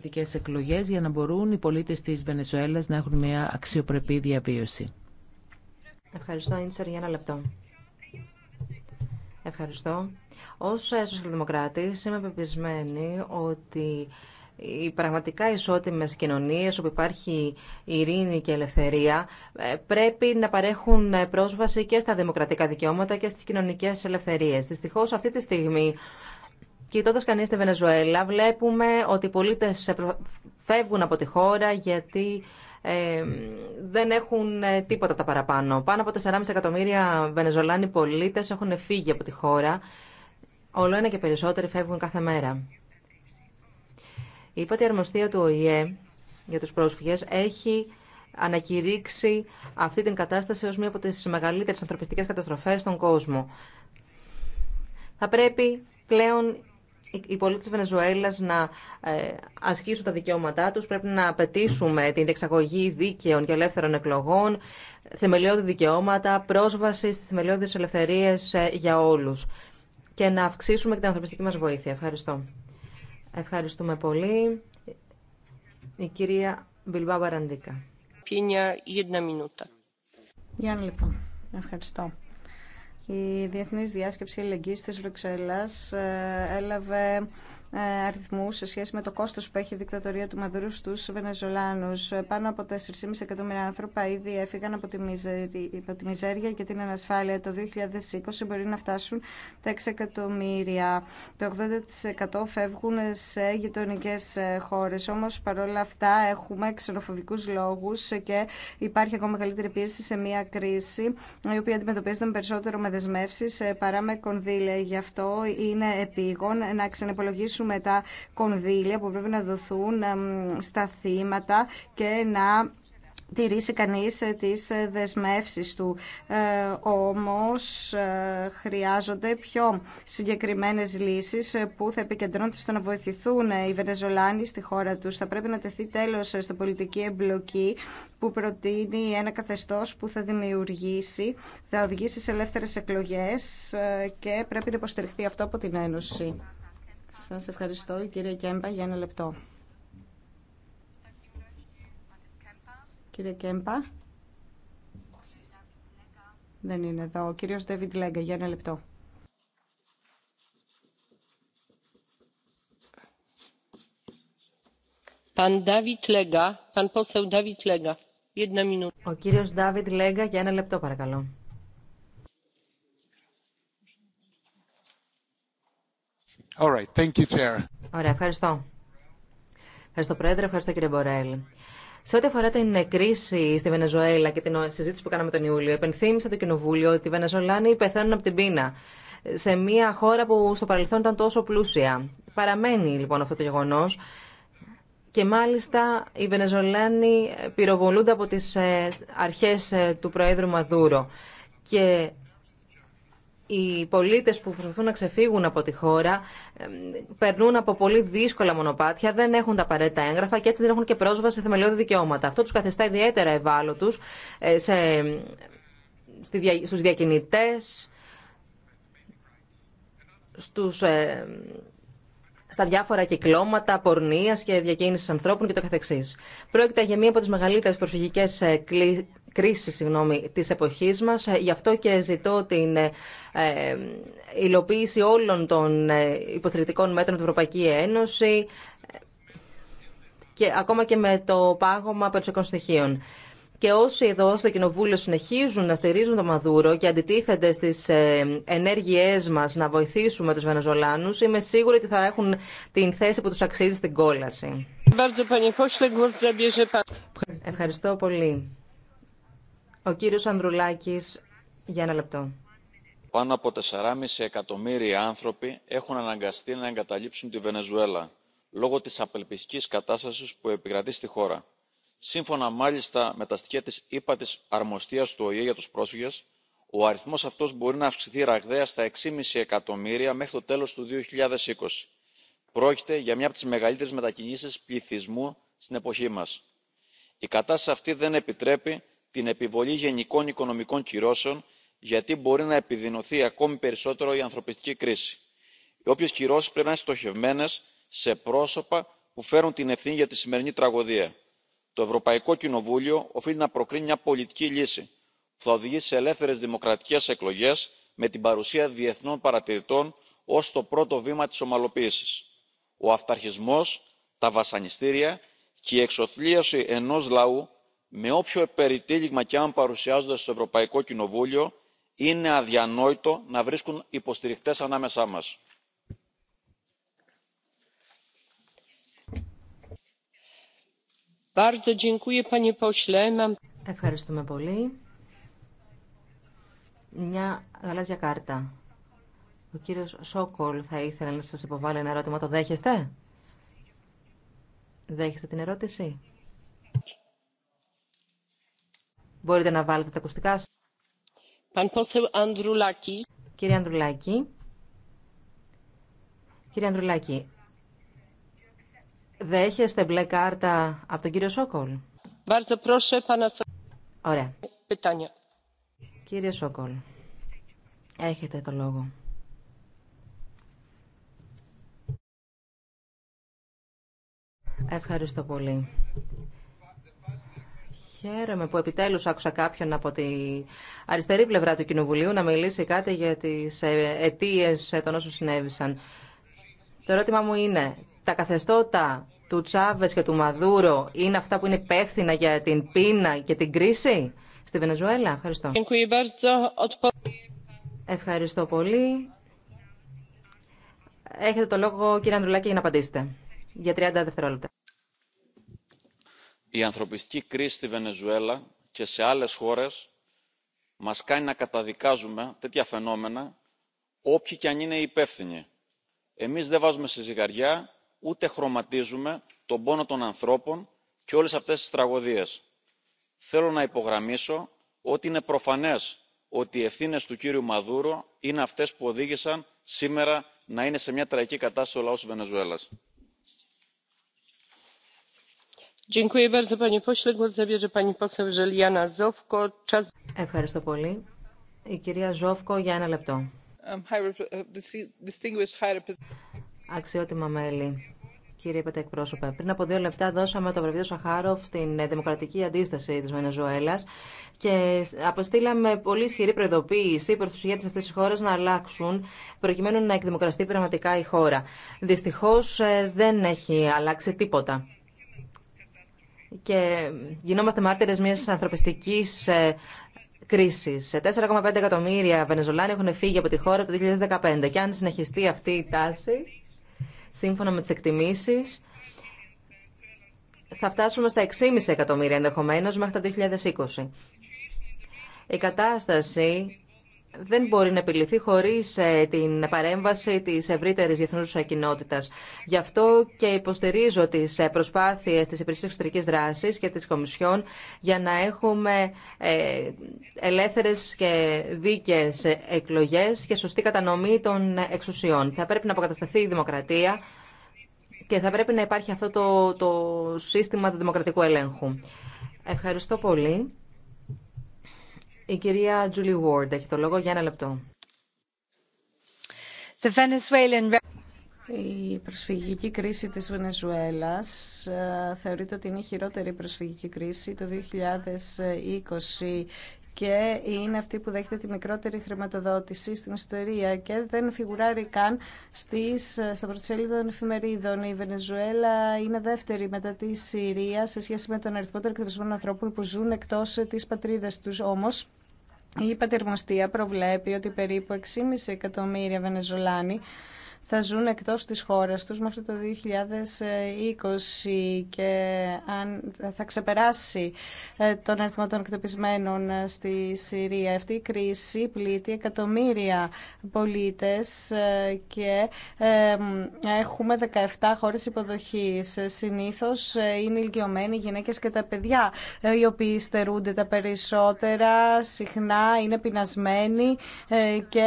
δικές εκλογές για να μπορούν οι πολίτες της Βενεζουέλας να έχουν μια αξιοπρεπή διαβίωση. Ευχαριστώ, Ίντσερ, για ένα λεπτό. Ευχαριστώ. Ως σοσιαλδημοκράτης είμαι πεπισμένη ότι οι πραγματικά ισότιμες κοινωνίες όπου υπάρχει ειρήνη και ελευθερία ε, πρέπει να παρέχουν πρόσβαση και στα δημοκρατικά δικαιώματα και στις κοινωνικές ελευθερίες. Δυστυχώς αυτή τη στιγμή Κοιτώντα κανεί τη Βενεζουέλα, βλέπουμε ότι οι πολίτε φεύγουν από τη χώρα γιατί ε, δεν έχουν ε, τίποτα τα παραπάνω. Πάνω από 4,5 εκατομμύρια Βενεζολάνοι πολίτε έχουν φύγει από τη χώρα. Όλο ένα και περισσότεροι φεύγουν κάθε μέρα. Η υπάτη αρμοστία του ΟΗΕ για τους πρόσφυγες έχει ανακηρύξει αυτή την κατάσταση ως μία από τις μεγαλύτερες ανθρωπιστικές καταστροφές στον κόσμο. Θα πρέπει πλέον οι πολίτες της Βενεζουέλας να ε, ασκήσουν τα δικαιώματά τους. Πρέπει να απαιτήσουμε την διεξαγωγή δίκαιων και ελεύθερων εκλογών, θεμελιώδη δικαιώματα, πρόσβαση στις θεμελιώδεις ελευθερίες ε, για όλους και να αυξήσουμε και την ανθρωπιστική μας βοήθεια. Ευχαριστώ. Ευχαριστούμε πολύ. Η κυρία Μπιλμπά Μπαραντίκα. Πίνια, λοιπόν. Ευχαριστώ. Η Διεθνής Διάσκεψη Ελεγγύης της Βρυξέλλας ε, έλαβε ε, αριθμού σε σχέση με το κόστο που έχει η δικτατορία του Μαδούρου στου Βενεζολάνου. Ε, πάνω από 4,5 εκατομμύρια άνθρωπα ήδη έφυγαν από τη, μιζέρια, από τη μιζέρια και την ανασφάλεια. Το 2020 μπορεί να φτάσουν τα 6 εκατομμύρια. Το 80% φεύγουν σε γειτονικέ ε, χώρες. Όμως παρόλα αυτά έχουμε ξενοφοβικού λόγου και υπάρχει ακόμα μεγαλύτερη πίεση σε μια κρίση η οποία αντιμετωπίζεται με περισσότερο με δεσμεύσει παρά με κονδύλια. Γι' αυτό είναι επίγον να με τα κονδύλια που πρέπει να δοθούν στα θύματα και να τηρήσει κανείς ε, τις ε, δεσμεύσεις του. Ε, όμως ε, χρειάζονται πιο συγκεκριμένες λύσεις που θα επικεντρώνονται στο να βοηθηθούν οι Βενεζολάνοι στη χώρα τους. Θα πρέπει να τεθεί τέλος στο πολιτική εμπλοκή που προτείνει ένα καθεστώς που θα δημιουργήσει, θα οδηγήσει σε ελεύθερες εκλογές και πρέπει να υποστηριχθεί αυτό από την Ένωση. Σας ευχαριστώ, κύριε Κέμπα, για ένα λεπτό. Κύριε Κέμπα. Δεν είναι εδώ. Ο κύριος Ντέβιντ Λέγκα, για ένα λεπτό. Ο κύριος Ντάβιτ Λέγκα, για ένα λεπτό παρακαλώ. right. Thank you, Chair. Ωραία, ευχαριστώ. Ευχαριστώ, Πρόεδρε. Ευχαριστώ, κύριε Μπορέλ. Σε ό,τι αφορά την κρίση στη Βενεζουέλα και την συζήτηση που κάναμε τον Ιούλιο, επενθύμησε το Κοινοβούλιο ότι οι Βενεζολάνοι πεθαίνουν από την πείνα σε μια χώρα που στο παρελθόν ήταν τόσο πλούσια. Παραμένει λοιπόν αυτό το γεγονό. Και μάλιστα οι Βενεζολάνοι πυροβολούνται από τι ε, αρχέ ε, του Προέδρου Μαδούρο. Και οι πολίτες που προσπαθούν να ξεφύγουν από τη χώρα περνούν από πολύ δύσκολα μονοπάτια, δεν έχουν τα απαραίτητα έγγραφα και έτσι δεν έχουν και πρόσβαση σε θεμελιώδη δικαιώματα. Αυτό τους καθιστά ιδιαίτερα ευάλωτους ε, σε, στους διακινητές, στους ε, στα διάφορα κυκλώματα πορνεία και διακίνηση ανθρώπων και το καθεξής. Πρόκειται για μία από τις μεγαλύτερε προσφυγικέ ε, κρίσεις τη της εποχής μας. Ε, γι' αυτό και ζητώ την ε, ε υλοποίηση όλων των υποστηρικτικών μέτρων της Ευρωπαϊκή Ένωση και ακόμα και με το πάγωμα περισσοκών στοιχείων. Και όσοι εδώ στο Κοινοβούλιο συνεχίζουν να στηρίζουν το Μαδούρο και αντιτίθενται στι ε, ενέργειέ μα να βοηθήσουμε του Βενεζολάνου, είμαι σίγουρη ότι θα έχουν την θέση που του αξίζει στην κόλαση. Ευχαριστώ πολύ. Ο κύριος Ανδρουλάκης, για ένα λεπτό. Πάνω από 4,5 εκατομμύρια άνθρωποι έχουν αναγκαστεί να εγκαταλείψουν τη Βενεζουέλα λόγω της απελπιστικής κατάστασης που επικρατεί στη χώρα σύμφωνα μάλιστα με τα στοιχεία της ύπατης αρμοστίας του οηε για τους πρόσφυγες ο αριθμός αυτός μπορεί να αυξηθεί ραγδαία στα 6,5 εκατομμύρια μέχρι το τέλος του 2020. Πρόκειται για μια από τις μεγαλύτερες μετακινήσεις πληθυσμού στην εποχή μας. Η κατάσταση αυτή δεν επιτρέπει την επιβολή γενικών οικονομικών κυρώσεων γιατί μπορεί να επιδεινωθεί ακόμη περισσότερο η ανθρωπιστική κρίση. Οι όποιε κυρώσει πρέπει να είναι στοχευμένε σε πρόσωπα που φέρουν την ευθύνη για τη σημερινή τραγωδία το ευρωπαϊκό κοινοβούλιο οφείλει να προκρίνει μια πολιτική λύση που θα οδηγήσει σε ελεύθερες δημοκρατικές εκλογές με την παρουσία διεθνών παρατηρητών ως το πρώτο βήμα της ομαλοποίησης. ο αυταρχισμός τα βασανιστήρια και η εξοθλίωση ενός λαού με όποιο περιτύλιγμα και αν παρουσιάζονται στο ευρωπαϊκό κοινοβούλιο είναι αδιανόητο να βρίσκουν υποστηρικτές ανάμεσά μας. Ευχαριστούμε πολύ. Μια γαλάζια κάρτα. Ο κύριος Σόκολ θα ήθελε να σας υποβάλει ένα ερώτημα. Το δέχεστε? Δέχεστε την ερώτηση? Μπορείτε να βάλετε τα ακουστικά σας. Κύριε Ανδρουλάκη. Κύριε Ανδρουλάκη, Δέχεστε μπλε κάρτα από τον κύριο Σόκολ. Ωραία. Κύριε Σόκολ, έχετε το λόγο. Ευχαριστώ πολύ. Χαίρομαι που επιτέλους άκουσα κάποιον από τη αριστερή πλευρά του Κοινοβουλίου να μιλήσει κάτι για τις ε, αιτίες ε, των όσων συνέβησαν. Το ερώτημα μου είναι, τα καθεστώτα του Τσάβε και του Μαδούρο είναι αυτά που είναι υπεύθυνα για την πείνα και την κρίση στη Βενεζουέλα. Ευχαριστώ. Ευχαριστώ πολύ. Έχετε το λόγο, κύριε Ανδρουλάκη, για να απαντήσετε. Για 30 δευτερόλεπτα. Η ανθρωπιστική κρίση στη Βενεζουέλα και σε άλλες χώρες μας κάνει να καταδικάζουμε τέτοια φαινόμενα όποιοι και αν είναι υπεύθυνοι. Εμείς δεν βάζουμε σε ζυγαριά ούτε χρωματίζουμε τον πόνο των ανθρώπων και όλες αυτές τις τραγωδίες. θέλω να υπογραμμίσω ότι είναι προφανές ότι οι ευθύνες του κύριου μαδούρο είναι αυτές που οδήγησαν σήμερα να είναι σε μια τραγική κατάσταση ο λαός της βενεζουέλας. Ευχαριστώ πολύ. Η κυρία Ζόφκο για ένα λεπτό. Um, Αξιότιμα μέλη. Κύριε Πέτα πριν από δύο λεπτά δώσαμε το βραβείο Σαχάροφ στην δημοκρατική αντίσταση τη Βενεζουέλα και αποστήλαμε πολύ ισχυρή προειδοποίηση προ του ηγέτε αυτή τη χώρα να αλλάξουν προκειμένου να εκδημοκραστεί πραγματικά η χώρα. Δυστυχώ ε, δεν έχει αλλάξει τίποτα. Και γινόμαστε μάρτυρε μια ανθρωπιστική ε, κρίση. 4,5 εκατομμύρια Βενεζολάνοι έχουν φύγει από τη χώρα το 2015. Και αν συνεχιστεί αυτή η τάση, σύμφωνα με τις εκτιμήσεις, θα φτάσουμε στα 6,5 εκατομμύρια ενδεχομένως μέχρι το 2020. Η κατάσταση δεν μπορεί να επιληθεί χωρίς ε, την παρέμβαση της ευρύτερης διεθνούς κοινότητα. Γι' αυτό και υποστηρίζω τις ε, προσπάθειες της Υπηρεσίας Εξωτερικής Δράσης και της Κομισιόν για να έχουμε ε, ελεύθερες και δίκαιες εκλογές και σωστή κατανομή των εξουσιών. Θα πρέπει να αποκατασταθεί η δημοκρατία και θα πρέπει να υπάρχει αυτό το, το σύστημα του δημοκρατικού ελέγχου. Ευχαριστώ πολύ. Η κυρία Τζούλι Βόρντ έχει το λόγο για ένα λεπτό. Η προσφυγική κρίση της Βενεζουέλας ε, θεωρείται ότι είναι η χειρότερη προσφυγική κρίση το 2020 και είναι αυτή που δέχεται τη μικρότερη χρηματοδότηση στην ιστορία και δεν φιγουράρει καν στις, ε, στα πρωτοσέλιδα των εφημερίδων. Η Βενεζουέλα είναι δεύτερη μετά τη Συρία σε σχέση με τον αριθμό των εκτελεσμένων ανθρώπων που ζουν εκτός ε, της πατρίδας τους. Όμως, η Πατερμοστία προβλέπει ότι περίπου 6,5 εκατομμύρια Βενεζουλάνοι θα ζουν εκτός της χώρας τους μέχρι το 2020 και αν θα ξεπεράσει ε, τον αριθμό των εκτοπισμένων ε, στη Συρία. Αυτή η κρίση πλήττει εκατομμύρια πολίτες ε, και έχουμε 17 χώρες υποδοχής. Συνήθως είναι ηλικιωμένοι οι γυναίκες και τα παιδιά οι οποίοι στερούνται τα περισσότερα, συχνά είναι πεινασμένοι και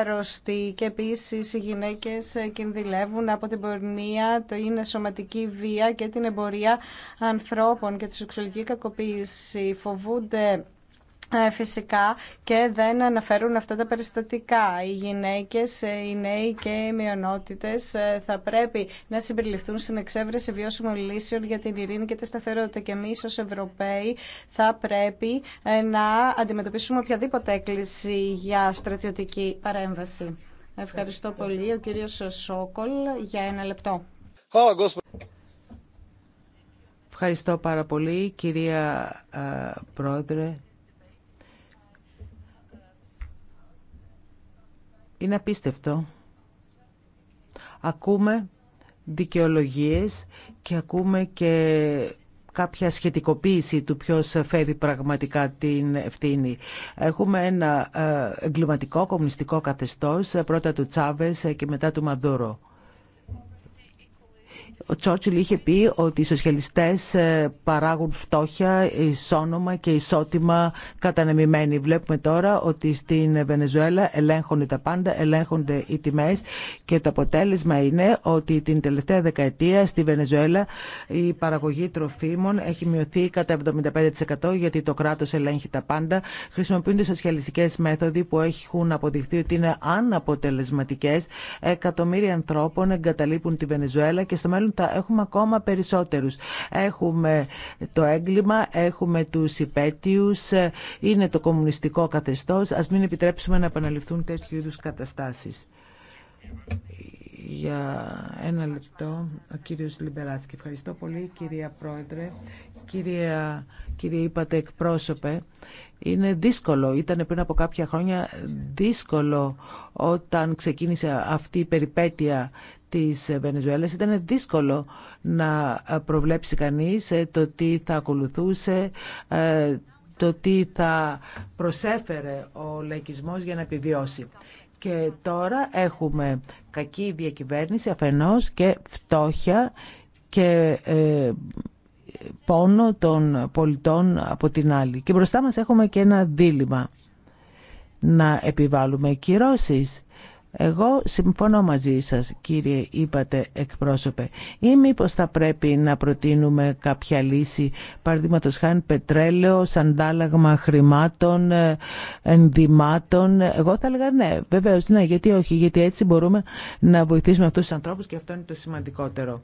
άρρωστοι και επίσης οι γυναίκες γυναίκες ε, κινδυλεύουν από την πορνεία, το είναι σωματική βία και την εμπορία ανθρώπων και τη σεξουαλική κακοποίηση. Φοβούνται ε, φυσικά και δεν αναφέρουν αυτά τα περιστατικά. Οι γυναίκες, ε, οι νέοι και οι μειονότητες θα πρέπει να συμπεριληφθούν στην εξέβρεση βιώσιμων λύσεων για την ειρήνη και τη σταθερότητα και εμείς ως Ευρωπαίοι θα πρέπει να αντιμετωπίσουμε οποιαδήποτε έκκληση για στρατιωτική παρέμβαση. Ευχαριστώ πολύ. Ο κύριος Σόκολ για ένα λεπτό. Ευχαριστώ πάρα πολύ, κυρία ε, Πρόεδρε. Είναι απίστευτο. Ακούμε δικαιολογίες και ακούμε και κάποια σχετικοποίηση του ποιος φέρει πραγματικά την ευθύνη. Έχουμε ένα ε, εγκληματικό κομμουνιστικό καθεστώς, ε, πρώτα του Τσάβες ε, και μετά του Μαδούρο. Ο Τσόρτσιλ είχε πει ότι οι σοσιαλιστές ε, παράγουν φτώχεια, ισόνομα και ισότιμα κατανεμημένοι. Βλέπουμε τώρα ότι στην Βενεζουέλα ελέγχονται τα πάντα, ελέγχονται οι τιμές και το αποτέλεσμα είναι ότι την τελευταία δεκαετία στη Βενεζουέλα η παραγωγή τροφίμων έχει μειωθεί κατά 75% γιατί το κράτος ελέγχει τα πάντα. Χρησιμοποιούνται σοσιαλιστικές μέθοδοι που έχουν αποδειχθεί ότι είναι αναποτελεσματικές. Εκατομμύρια ανθρώπων εγκαταλείπουν τη Βενεζουέλα και στο μέλλον έχουμε ακόμα περισσότερους. Έχουμε το έγκλημα, έχουμε τους υπέτειους, είναι το κομμουνιστικό καθεστώς. Ας μην επιτρέψουμε να επαναληφθούν τέτοιου είδους καταστάσεις. Για ένα λεπτό, ο κύριος Λιμπεράτσκι. Ευχαριστώ πολύ, κυρία Πρόεδρε. Κυρία, κύριε είπατε εκπρόσωπε, είναι δύσκολο, ήταν πριν από κάποια χρόνια δύσκολο όταν ξεκίνησε αυτή η περιπέτεια της Βενεζουέλας ήταν δύσκολο να προβλέψει κανείς ε, το τι θα ακολουθούσε, ε, το τι θα προσέφερε ο λαϊκισμός για να επιβιώσει. Και τώρα έχουμε κακή διακυβέρνηση αφενός και φτώχεια και ε, πόνο των πολιτών από την άλλη. Και μπροστά μας έχουμε και ένα δίλημα να επιβάλλουμε κυρώσεις εγώ συμφωνώ μαζί σας κύριε είπατε εκπρόσωπε ή μήπως θα πρέπει να προτείνουμε κάποια λύση παραδείγματο χάνει πετρέλαιο, σαντάλλαγμα χρημάτων, ε, ενδυμάτων. Εγώ θα έλεγα ναι βεβαίω, ναι γιατί όχι γιατί έτσι μπορούμε να βοηθήσουμε αυτούς τους ανθρώπους και αυτό είναι το σημαντικότερο.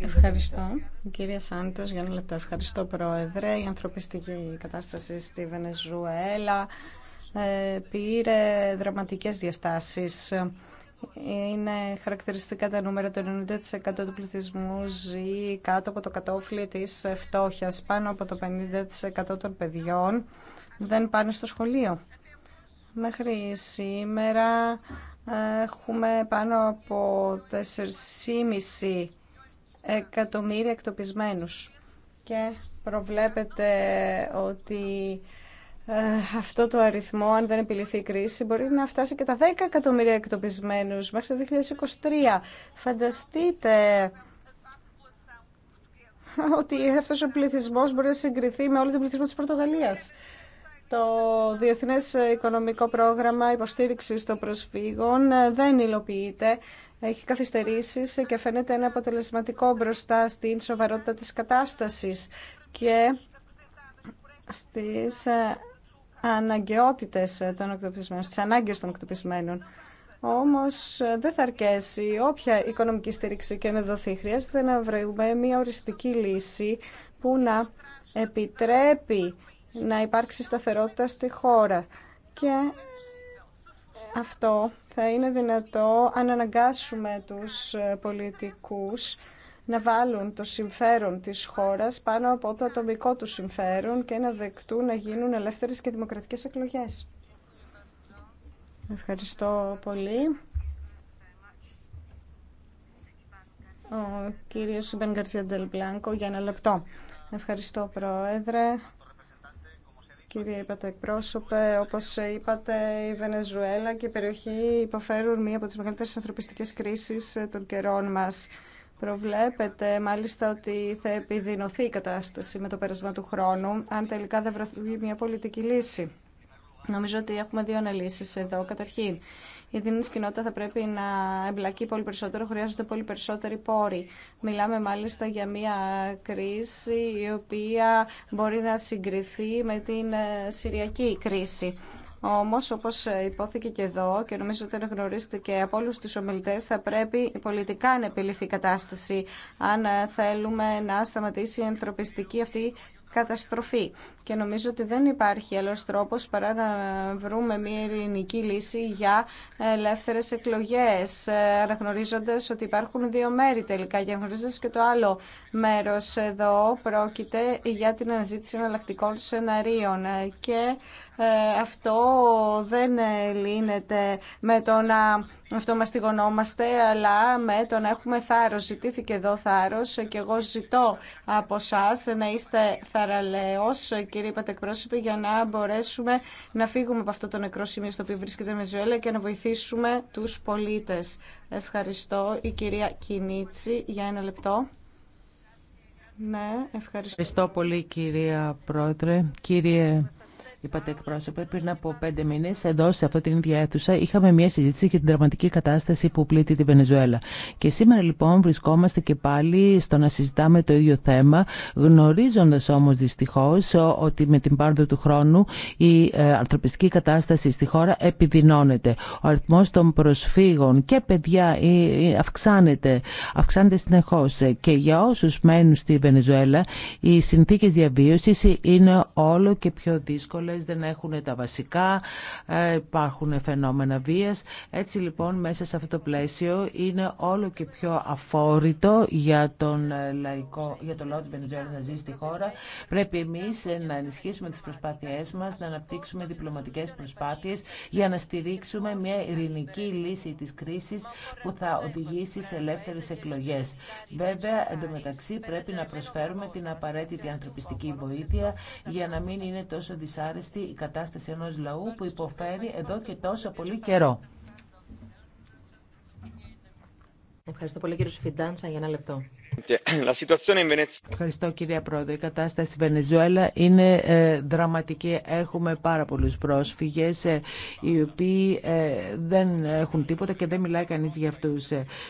Ευχαριστώ. Κύριε Σάντο, για ένα λεπτό. Ευχαριστώ, Πρόεδρε. Η ανθρωπιστική κατάσταση στη Βενεζουέλα ε, πήρε δραματικές διαστάσεις. Είναι χαρακτηριστικά τα νούμερα. Το 90% του πληθυσμού ζει κάτω από το κατόφλι της φτώχειας. Πάνω από το 50% των παιδιών δεν πάνε στο σχολείο. Μέχρι σήμερα ε, έχουμε πάνω από 4,5 εκατομμύρια εκτοπισμένους και προβλέπεται ότι ε, αυτό το αριθμό, αν δεν επιληθεί η κρίση, μπορεί να φτάσει και τα 10 εκατομμύρια εκτοπισμένους μέχρι το 2023. Φανταστείτε ότι αυτός ο πληθυσμός μπορεί να συγκριθεί με όλο τον πληθυσμό της Πορτογαλίας. Το Διεθνές Οικονομικό Πρόγραμμα Υποστήριξης των Προσφύγων ε, δεν υλοποιείται. Έχει καθυστερήσει και φαίνεται ένα αποτελεσματικό μπροστά στην σοβαρότητα της κατάστασης και στις ε, αναγκαιότητες των εκτοπισμένων, στις ανάγκες των εκτοπισμένων. Όμως ε, δεν θα αρκέσει όποια οικονομική στήριξη και να δοθεί. Χρειάζεται να βρούμε μια οριστική λύση που να επιτρέπει να υπάρξει σταθερότητα στη χώρα. Και αυτό θα είναι δυνατό αν αναγκάσουμε τους ε, πολιτικούς να βάλουν το συμφέρον της χώρας πάνω από το ατομικό του συμφέρον και να δεκτούν να γίνουν ελεύθερες και δημοκρατικές εκλογές. Ευχαριστώ πολύ. Ο κύριος Μπενγκαρσία Μπλάνκο για ένα λεπτό. Ευχαριστώ, Πρόεδρε. Κύριε είπατε εκπρόσωπε, όπως είπατε η Βενεζουέλα και η περιοχή υποφέρουν μία από τις μεγαλύτερες ανθρωπιστικές κρίσεις ε, των καιρών μας. Προβλέπετε μάλιστα ότι θα επιδεινωθεί η κατάσταση με το πέρασμα του χρόνου αν τελικά δεν βρεθεί μια πολιτική λύση. Νομίζω ότι έχουμε δύο αναλύσεις εδώ. Καταρχήν, η διεθνή κοινότητα θα πρέπει να εμπλακεί πολύ περισσότερο, χρειάζονται πολύ περισσότεροι πόροι. Μιλάμε μάλιστα για μια κρίση η οποία μπορεί να συγκριθεί με την ε, συριακή κρίση. Όμως, όπως υπόθηκε και εδώ και νομίζω ότι και από όλους τους ομιλητές, θα πρέπει πολιτικά να επιληθεί η κατάσταση αν θέλουμε να σταματήσει η ανθρωπιστική αυτή καταστροφή και νομίζω ότι δεν υπάρχει άλλος τρόπος παρά να βρούμε μια ειρηνική λύση για ελεύθερες εκλογές, αναγνωρίζοντας ότι υπάρχουν δύο μέρη τελικά και αναγνωρίζοντας και το άλλο μέρος εδώ πρόκειται για την αναζήτηση εναλλακτικών σεναρίων και ε, αυτό δεν λύνεται με το να αυτομαστιγωνόμαστε... αλλά με το να έχουμε θάρρος. Ζητήθηκε εδώ θάρρος και εγώ ζητώ από εσά να είστε θαραλέος κύριε Πατεκπρόσωπε, για να μπορέσουμε να φύγουμε από αυτό το νεκρό σημείο στο οποίο βρίσκεται η Μεζουέλα και να βοηθήσουμε τους πολίτες. Ευχαριστώ η κυρία Κινίτσι για ένα λεπτό. Ναι, ευχαριστώ. Ευχαριστώ πολύ κυρία Πρόεδρε. Κύριε είπατε εκπρόσωπε, πριν από πέντε μήνε, εδώ σε αυτή την ίδια αίθουσα, είχαμε μια συζήτηση για την δραματική κατάσταση που πλήττει τη Βενεζουέλα. Και σήμερα λοιπόν βρισκόμαστε και πάλι στο να συζητάμε το ίδιο θέμα, γνωρίζοντα όμω δυστυχώ ότι με την πάρδο του χρόνου η ε, ανθρωπιστική κατάσταση στη χώρα επιδεινώνεται. Ο αριθμό των προσφύγων και παιδιά ε, ε, αυξάνεται, αυξάνεται συνεχώ. Και για όσου μένουν στη Βενεζουέλα, οι συνθήκε διαβίωση είναι όλο και πιο δύσκολε δεν έχουν τα βασικά, ε, υπάρχουν φαινόμενα βίας. Έτσι λοιπόν μέσα σε αυτό το πλαίσιο είναι όλο και πιο αφόρητο για τον ε, λαϊκό, για τον λαό της Βενεζουέλας να ζει στη χώρα. Πρέπει εμείς ε, να ενισχύσουμε τις προσπάθειές μας, να αναπτύξουμε διπλωματικές προσπάθειες για να στηρίξουμε μια ειρηνική λύση της κρίσης που θα οδηγήσει σε ελεύθερες εκλογές. Βέβαια, εντωμεταξύ πρέπει να προσφέρουμε την απαραίτητη ανθρωπιστική βοήθεια για να μην είναι τόσο δυσάρεστη δυσάρεστη η κατάσταση ενός λαού που υποφέρει εδώ και τόσο πολύ καιρό. Ευχαριστώ πολύ κύριο Φιντάνσα για ένα λεπτό. Ευχαριστώ κυρία Πρόεδρε. Η κατάσταση στη Βενεζουέλα είναι ε, δραματική. Έχουμε πάρα πολλούς πρόσφυγες ε, οι οποίοι ε, δεν έχουν τίποτα και δεν μιλάει κανείς για αυτούς.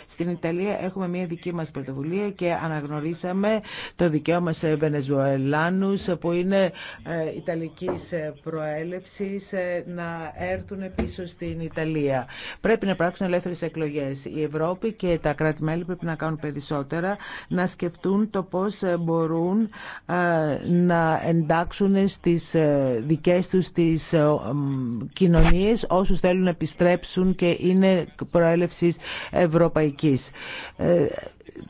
Στην Ιταλία έχουμε μια δική μας πρωτοβουλία και αναγνωρίσαμε το δικαίωμα σε Βενεζουελάνους που είναι Ιταλικής προέλευσης να έρθουν πίσω στην Ιταλία. Πρέπει να υπάρξουν ελεύθερες εκλογές. Η Ευρώπη και τα κράτη-μέλη πρέπει να κάνουν περισσότερα να σκεφτούν το πώς ε, μπορούν ε, να εντάξουν στις ε, δικές τους τις κοινωνίες όσους θέλουν να επιστρέψουν και είναι προέλευσης ευρωπαϊκής.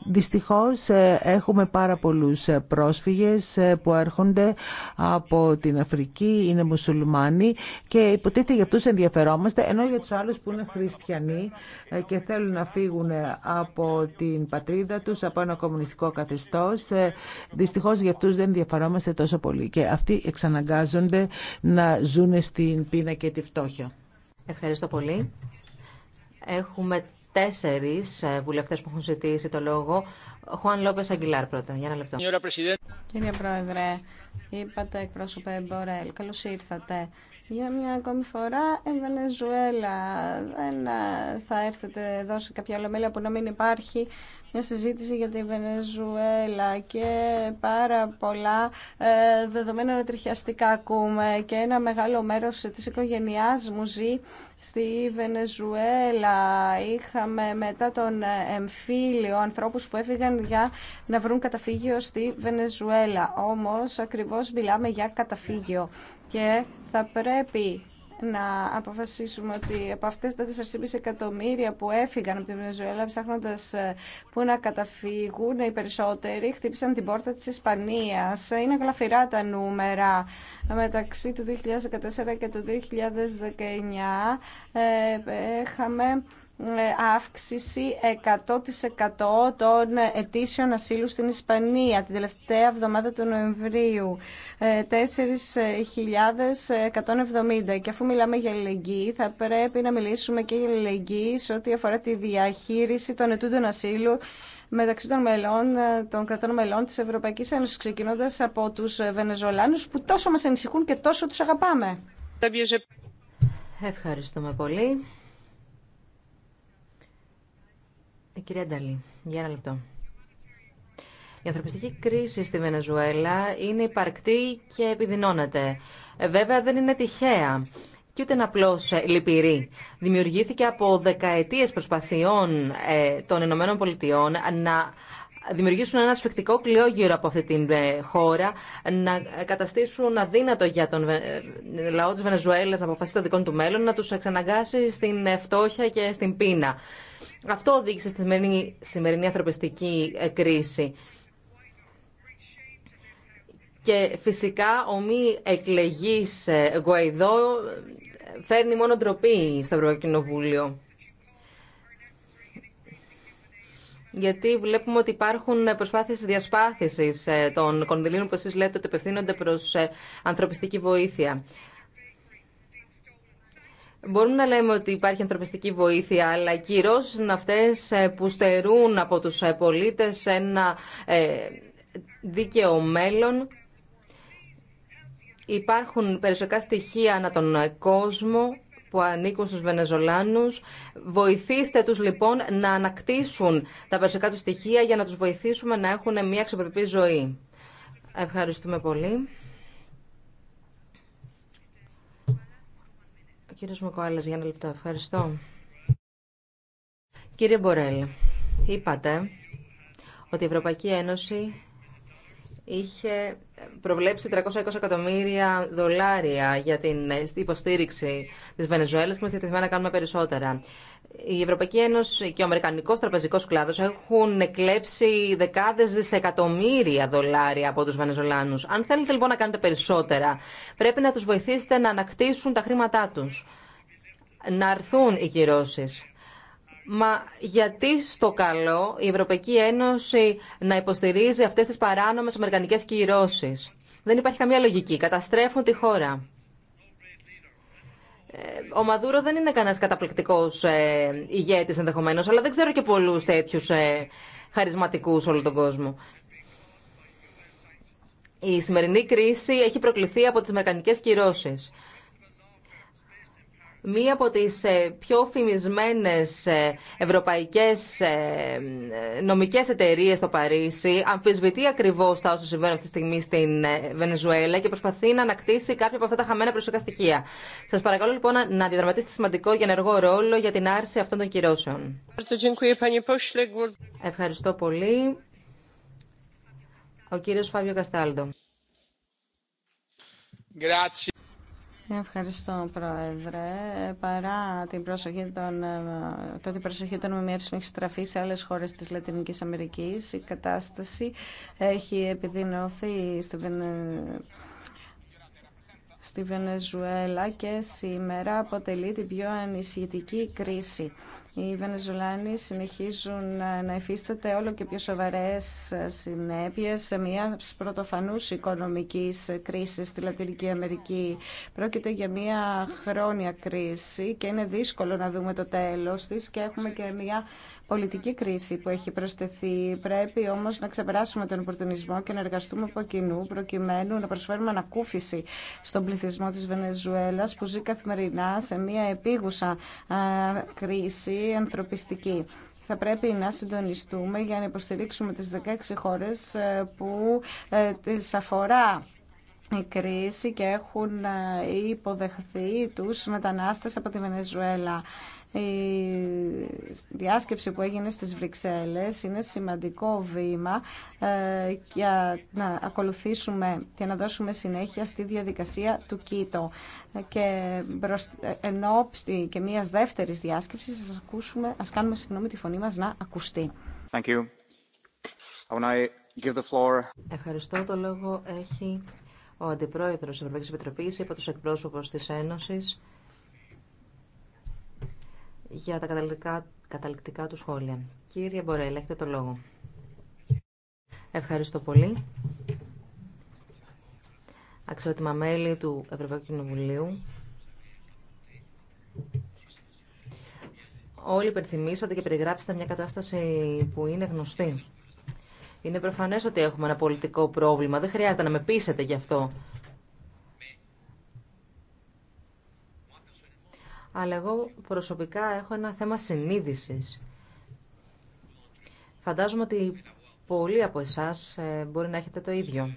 Δυστυχώς ε, έχουμε πάρα πολλούς ε, πρόσφυγες ε, που έρχονται από την Αφρική, είναι μουσουλμάνοι και υποτίθεται για αυτούς ενδιαφερόμαστε, ενώ για τους άλλους που είναι χριστιανοί και θέλουν να φύγουν από την πατρίδα τους, από ένα κομμουνιστικό καθεστώς, δυστυχώς για αυτούς δεν ενδιαφερόμαστε τόσο πολύ και αυτοί εξαναγκάζονται να ζουν στην πείνα και τη φτώχεια. Ευχαριστώ πολύ τέσσερις ε, βουλευτές που έχουν ζητήσει το λόγο. Χουάν Λόπες Αγγιλάρ πρώτα, για ένα λεπτό. Κύριε Πρόεδρε, είπατε εκπρόσωπε Μπορέλ, καλώς ήρθατε. Για μια ακόμη φορά η Βενεζουέλα δεν ε, θα έρθετε εδώ σε κάποια ολομέλεια που να μην υπάρχει μια συζήτηση για τη Βενεζουέλα και πάρα πολλά ε, δεδομένα ανατριχιαστικά ακούμε και ένα μεγάλο μέρος της οικογένειάς μου ζει στη Βενεζουέλα. Είχαμε μετά τον εμφύλιο ανθρώπους που έφυγαν για να βρουν καταφύγιο στη Βενεζουέλα. Όμως ακριβώς μιλάμε για καταφύγιο και θα πρέπει να αποφασίσουμε ότι από αυτές τα 4,5 εκατομμύρια που έφυγαν από τη Βενεζουέλα ψάχνοντας ε, που να καταφύγουν οι περισσότεροι χτύπησαν την πόρτα της Ισπανίας. Είναι γλαφυρά τα νούμερα. Μεταξύ του 2014 και του 2019 είχαμε ε, ε, αύξηση 100% των αιτήσεων ασύλου στην Ισπανία την τελευταία εβδομάδα του Νοεμβρίου 4.170 ε, και αφού μιλάμε για αλληλεγγύη θα πρέπει να μιλήσουμε και για αλληλεγγύη σε ό,τι αφορά τη διαχείριση των αιτούντων ασύλου μεταξύ των, μελών, ε, των κρατών μελών της Ευρωπαϊκής Ένωσης ξεκινώντας από τους Βενεζολάνους που τόσο μας ανησυχούν και τόσο τους αγαπάμε. Ευχαριστούμε πολύ. Η ε, κυρία για ένα λεπτό. Η ανθρωπιστική κρίση στη Βενεζουέλα είναι υπαρκτή και επιδεινώνεται. Ε, βέβαια δεν είναι τυχαία και ούτε είναι απλώ ε, λυπηρή. Δημιουργήθηκε από δεκαετίες προσπαθειών των Ηνωμένων Πολιτειών να δημιουργήσουν ένα σφιχτικό κλειό γύρω από αυτή την χώρα, να καταστήσουν αδύνατο για τον λαό της Βενεζουέλας να αποφασίσει το δικό του μέλλον, να τους εξαναγκάσει στην φτώχεια και στην πείνα. Αυτό οδήγησε στη σημερινή, ανθρωπιστική ε, κρίση. Και φυσικά ο μη εκλεγής ε, Γκουαϊδό ε, φέρνει μόνο ντροπή στο Ευρωπαϊκό Γιατί βλέπουμε ότι υπάρχουν προσπάθειες διασπάθησης των κονδυλίων που εσείς λέτε ότι απευθύνονται προς ανθρωπιστική βοήθεια. Μπορούμε να λέμε ότι υπάρχει ανθρωπιστική βοήθεια, αλλά οι είναι αυτέ ε, που στερούν από του ε, πολίτε ένα ε, δίκαιο μέλλον. Υπάρχουν περισσότερα στοιχεία ανά τον κόσμο που ανήκουν στους Βενεζολάνους. Βοηθήστε τους λοιπόν να ανακτήσουν τα περισσότερα του στοιχεία για να τους βοηθήσουμε να έχουν μια αξιοπρεπή ζωή. Ευχαριστούμε πολύ. Κύριε για ένα λεπτό. Ευχαριστώ. Κύριε Μπορέλ, είπατε ότι η Ευρωπαϊκή Ένωση είχε προβλέψει 320 εκατομμύρια δολάρια για την υποστήριξη της Βενεζουέλας και είμαστε διατεθειμένα να κάνουμε περισσότερα η Ευρωπαϊκή Ένωση και ο Αμερικανικό τραπεζικό κλάδο έχουν εκλέψει δεκάδε δισεκατομμύρια δολάρια από του Βενεζολάνου. Αν θέλετε λοιπόν να κάνετε περισσότερα, πρέπει να του βοηθήσετε να ανακτήσουν τα χρήματά του. Να αρθούν οι κυρώσει. Μα γιατί στο καλό η Ευρωπαϊκή Ένωση να υποστηρίζει αυτές τις παράνομες αμερικανικές κυρώσεις. Δεν υπάρχει καμία λογική. Καταστρέφουν τη χώρα. Ε, ο Μαδούρο δεν είναι κανένα καταπληκτικό ε, ηγέτη ενδεχομένω, αλλά δεν ξέρω και πολλού τέτοιου ε, χαρισματικού όλο τον κόσμο. Η σημερινή κρίση έχει προκληθεί από τι μερκανικέ κυρώσει μία από τις ε, πιο φημισμένες ε, ευρωπαϊκές ε, νομικές εταιρείες στο Παρίσι αμφισβητεί ακριβώς τα όσα συμβαίνουν αυτή τη στιγμή στην Βενεζουέλα και προσπαθεί να ανακτήσει κάποια από αυτά τα χαμένα προσωπικά στοιχεία. Σας παρακαλώ λοιπόν να διαδραματίσετε σημαντικό και ενεργό ρόλο για την άρση αυτών των κυρώσεων. Ευχαριστώ πολύ. Ο κύριος Φάβιο Καστάλντο. Ευχαριστώ, Πρόεδρε. Παρά την προσοχή των, ε, το ότι η προσοχή των ΜΜΕ έχει στραφεί σε άλλες χώρες της Λατινικής Αμερικής, η κατάσταση έχει επιδεινωθεί στη στη Βενεζουέλα και σήμερα αποτελεί την πιο ανησυχητική κρίση οι Βενεζουλάνοι συνεχίζουν ε, να υφίσταται όλο και πιο σοβαρές ε, συνέπειες μια πρωτοφανούς οικονομικής ε, κρίσης στη Λατινική Αμερική. Πρόκειται για μια χρόνια κρίση και είναι δύσκολο να δούμε το τέλος της και έχουμε και μια πολιτική κρίση που έχει προσθεθεί. Πρέπει όμως να ξεπεράσουμε τον οπορτουνισμό και να εργαστούμε από κοινού προκειμένου να προσφέρουμε ανακούφιση στον πληθυσμό της Βενεζουέλας που ζει καθημερινά σε μια επίγουσα κρίση ανθρωπιστική. Θα πρέπει να συντονιστούμε για να υποστηρίξουμε τις 16 χώρες ε, που ε, τις αφορά η κρίση και έχουν ε, υποδεχθεί τους μετανάστες από τη Βενεζουέλα. Η διάσκεψη που έγινε στις Βρυξέλλες είναι σημαντικό βήμα ε, για να ακολουθήσουμε και να δώσουμε συνέχεια στη διαδικασία του Κίτο. Και ε, εν ώψη και μιας δεύτερης διάσκεψης ας, ακούσουμε, ας κάνουμε συγγνώμη τη φωνή μας να ακουστεί. Thank you. I give the floor. Ευχαριστώ. Το λόγο έχει ο Αντιπρόεδρος της Ευρωπαϊκής Επιτροπής υπό τους εκπρόσωπους της Ένωσης, για τα καταληκτικά, καταληκτικά του σχόλια. Κύριε Μπορέλ, έχετε το λόγο. Ευχαριστώ πολύ. Αξιότιμα μέλη του Ευρωπαϊκού Κοινοβουλίου. Όλοι υπενθυμίσατε και περιγράψατε μια κατάσταση που είναι γνωστή. Είναι προφανές ότι έχουμε ένα πολιτικό πρόβλημα. Δεν χρειάζεται να με πείσετε γι' αυτό. αλλά εγώ προσωπικά έχω ένα θέμα συνείδησης. Φαντάζομαι ότι πολλοί από εσάς ε, μπορεί να έχετε το ίδιο.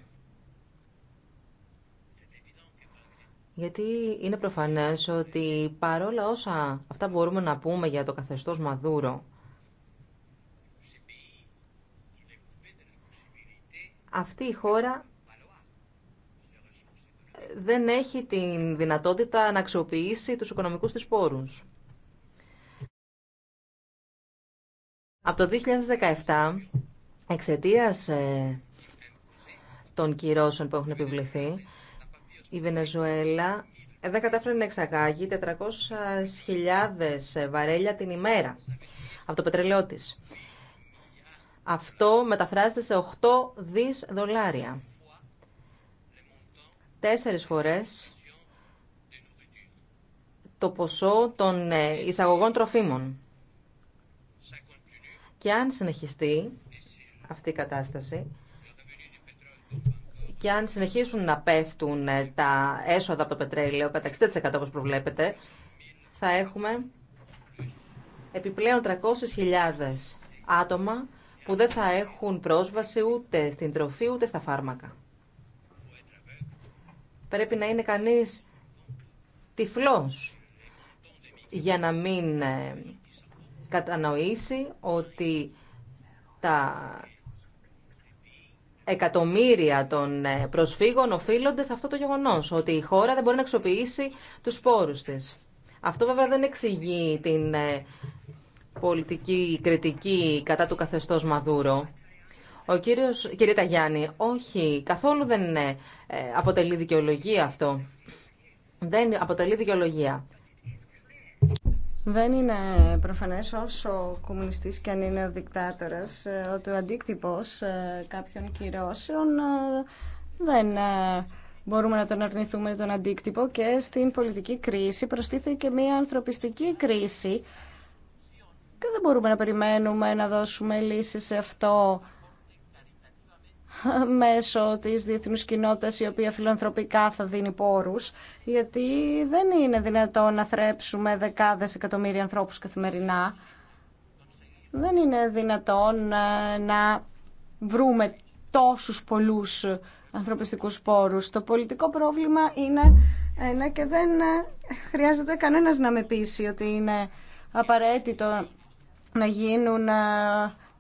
Γιατί είναι προφανές ότι παρόλα όσα αυτά μπορούμε να πούμε για το καθεστώς Μαδούρο, αυτή η χώρα δεν έχει την δυνατότητα να αξιοποιήσει τους οικονομικούς της πόρους. Από το 2017, εξαιτίας ε, των κυρώσεων που έχουν επιβληθεί, η Βενεζουέλα ε, δεν κατάφερε να εξαγάγει 400.000 ε, βαρέλια την ημέρα από το πετρελαιό της. Αυτό μεταφράζεται σε 8 δις δολάρια τέσσερις φορές το ποσό των ε, εισαγωγών τροφίμων. Και αν συνεχιστεί αυτή η κατάσταση και αν συνεχίσουν να πέφτουν ε, τα έσοδα από το πετρέλαιο κατά 60% όπως προβλέπετε, θα έχουμε επιπλέον 300.000 άτομα που δεν θα έχουν πρόσβαση ούτε στην τροφή ούτε στα φάρμακα. Πρέπει να είναι κανείς τυφλός για να μην ε, κατανοήσει ότι τα εκατομμύρια των ε, προσφύγων οφείλονται σε αυτό το γεγονός, ότι η χώρα δεν μπορεί να αξιοποιήσει τους σπόρους της. Αυτό βέβαια δεν εξηγεί την ε, πολιτική κριτική κατά του καθεστώς Μαδούρο. Ο κύριος, κύριε Ταγιάννη, όχι, καθόλου δεν ε, αποτελεί δικαιολογία αυτό. Δεν αποτελεί δικαιολογία. Δεν είναι προφανές όσο κομμουνιστής και αν είναι ο δικτάτορας ε, ότι ο αντίκτυπος ε, κάποιων κυρώσεων δεν μπορούμε να τον αρνηθούμε τον αντίκτυπο και στην πολιτική κρίση προστίθεται και μια ανθρωπιστική κρίση και δεν μπορούμε να περιμένουμε να δώσουμε λύσεις σε αυτό μέσω της διεθνούς κοινότητας η οποία φιλανθρωπικά θα δίνει πόρους γιατί δεν είναι δυνατόν να θρέψουμε δεκάδες εκατομμύρια ανθρώπους καθημερινά δεν είναι δυνατόν ε, να βρούμε τόσους πολλούς ανθρωπιστικούς πόρους. Το πολιτικό πρόβλημα είναι ένα και δεν ε, χρειάζεται κανένας να με πείσει ότι είναι απαραίτητο να γίνουν ε,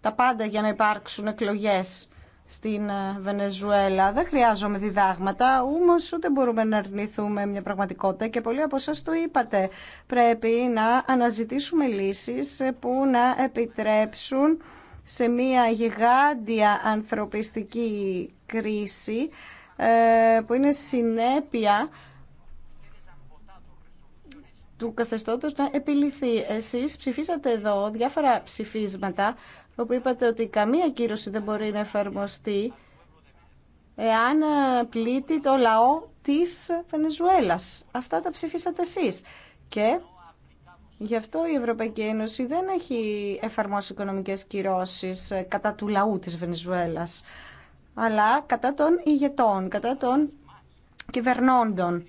τα πάντα για να υπάρξουν εκλογές στην ε, Βενεζουέλα. Δεν χρειάζομαι διδάγματα, όμως ούτε μπορούμε να αρνηθούμε μια πραγματικότητα και πολλοί από εσά το είπατε. Πρέπει να αναζητήσουμε λύσεις που να επιτρέψουν σε μια γιγάντια ανθρωπιστική κρίση ε, που είναι συνέπεια του καθεστώτος να επιληθεί. Εσείς ψηφίσατε εδώ διάφορα ψηφίσματα όπου είπατε ότι καμία κύρωση δεν μπορεί να εφαρμοστεί εάν ε, πλήττει το λαό της Βενεζουέλας. Αυτά τα ψηφίσατε εσείς. Και γι' αυτό η Ευρωπαϊκή Ένωση δεν έχει εφαρμόσει οικονομικές κυρώσεις ε, κατά του λαού της Βενεζουέλας, αλλά κατά των ηγετών, κατά των κυβερνώντων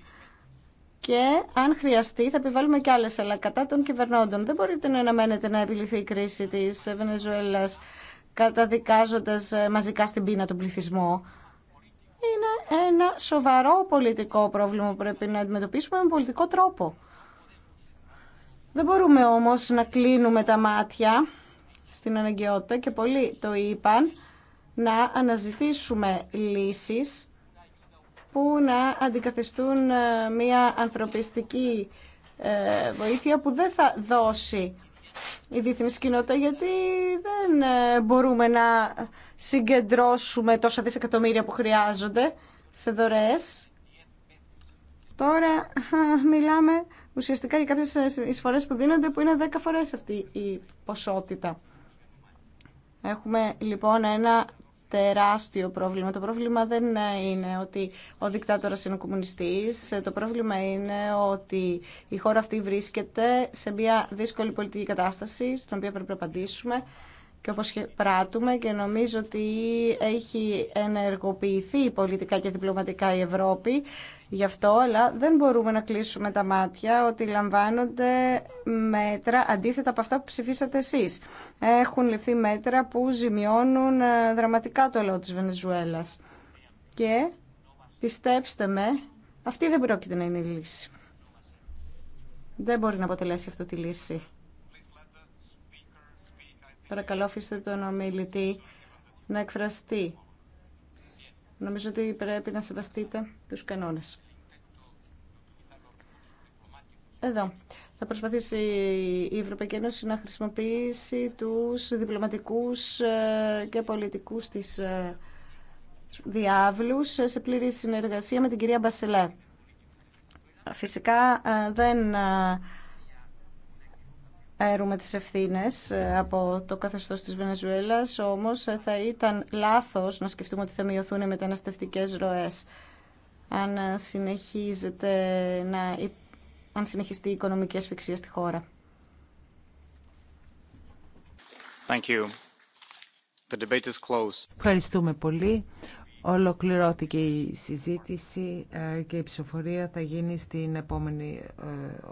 και αν χρειαστεί θα επιβάλλουμε και άλλες αλλά κατά των κυβερνώντων. Δεν μπορείτε να αναμένετε να επιληθεί η κρίση της Βενεζουέλας καταδικάζοντας ε, μαζικά στην πείνα τον πληθυσμό. Είναι ένα σοβαρό πολιτικό πρόβλημα που πρέπει να αντιμετωπίσουμε με πολιτικό τρόπο. Δεν μπορούμε όμως να κλείνουμε τα μάτια στην αναγκαιότητα και πολλοί το είπαν να αναζητήσουμε λύσεις που να αντικαθιστούν ε, μια ανθρωπιστική ε, βοήθεια που δεν θα δώσει η διεθνής κοινότητα γιατί δεν ε, μπορούμε να συγκεντρώσουμε τόσα δισεκατομμύρια που χρειάζονται σε δωρεές. Τώρα μιλάμε ουσιαστικά για κάποιες εισφορές που δίνονται που είναι 10 φορές αυτή η ποσότητα. Έχουμε λοιπόν ένα τεράστιο πρόβλημα. Το πρόβλημα δεν είναι ότι ο δικτάτορας είναι ο κομμουνιστής. Το πρόβλημα είναι ότι η χώρα αυτή βρίσκεται σε μια δύσκολη πολιτική κατάσταση, στην οποία πρέπει να απαντήσουμε και όπως πράττουμε και νομίζω ότι έχει ενεργοποιηθεί πολιτικά και διπλωματικά η Ευρώπη γι' αυτό, αλλά δεν μπορούμε να κλείσουμε τα μάτια ότι λαμβάνονται μέτρα αντίθετα από αυτά που ψηφίσατε εσείς. Έχουν ληφθεί μέτρα που ζημιώνουν ε, δραματικά το λαό της Βενεζουέλας. Και πιστέψτε με, αυτή δεν πρόκειται να είναι η λύση. Δεν μπορεί να αποτελέσει αυτό τη λύση. Παρακαλώ αφήστε τον ομιλητή να εκφραστεί. Νομίζω ότι πρέπει να σεβαστείτε τους κανόνες. Εδώ. Θα προσπαθήσει η Ευρωπαϊκή Ένωση να χρησιμοποιήσει τους διπλωματικούς ε, και πολιτικούς της ε, διάβλους σε πλήρη συνεργασία με την κυρία Μπασελέ. Φυσικά ε, δεν αέρουμε τις ευθύνες ε, από το καθεστώς της Βενεζουέλας, όμως ε, θα ήταν λάθος να σκεφτούμε ότι θα μειωθούν οι μεταναστευτικές ροές. Αν, ε, συνεχίζεται να, αν συνεχιστεί η οικονομική ασφυξία στη χώρα. Thank Ευχαριστούμε πολύ. Ολοκληρώθηκε η συζήτηση και η ψηφοφορία θα γίνει στην επόμενη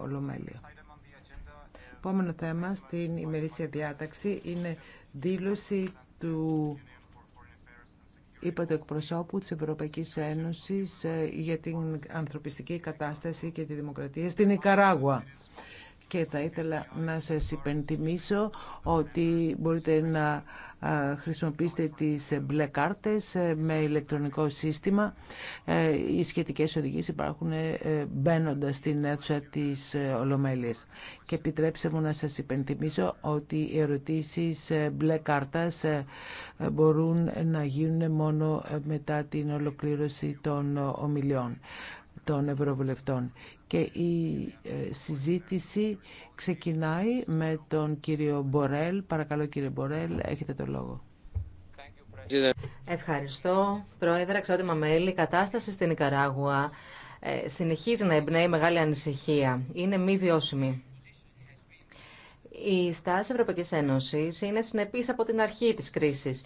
ολομέλεια επόμενο θέμα στην ημερήσια διάταξη είναι δήλωση του είπα εκπροσώπου της Ευρωπαϊκής Ένωσης ε, για την ανθρωπιστική κατάσταση και τη δημοκρατία στην Ικαράγουα και θα ήθελα να σας υπενθυμίσω ότι μπορείτε να χρησιμοποιήσετε τις μπλε κάρτες ε, με ηλεκτρονικό σύστημα. Ε, οι σχετικές οδηγίες υπάρχουν ε, μπαίνοντα στην αίθουσα της Ολομέλειας. Και επιτρέψτε μου να σας υπενθυμίσω ότι οι ερωτήσεις μπλε κάρτας μπορούν να γίνουν μόνο μετά την ολοκλήρωση των ομιλιών των Ευρωβουλευτών. Και η ε, συζήτηση ξεκινάει με τον κύριο Μπορέλ. Παρακαλώ κύριε Μπορέλ, έχετε το λόγο. Ευχαριστώ. Πρόεδρε, εξότιμα μέλη, η κατάσταση στην Ικαράγουα ε, συνεχίζει να εμπνέει μεγάλη ανησυχία. Είναι μη βιώσιμη. Η στάση Ευρωπαϊκής Ένωσης είναι συνεπής από την αρχή της κρίσης.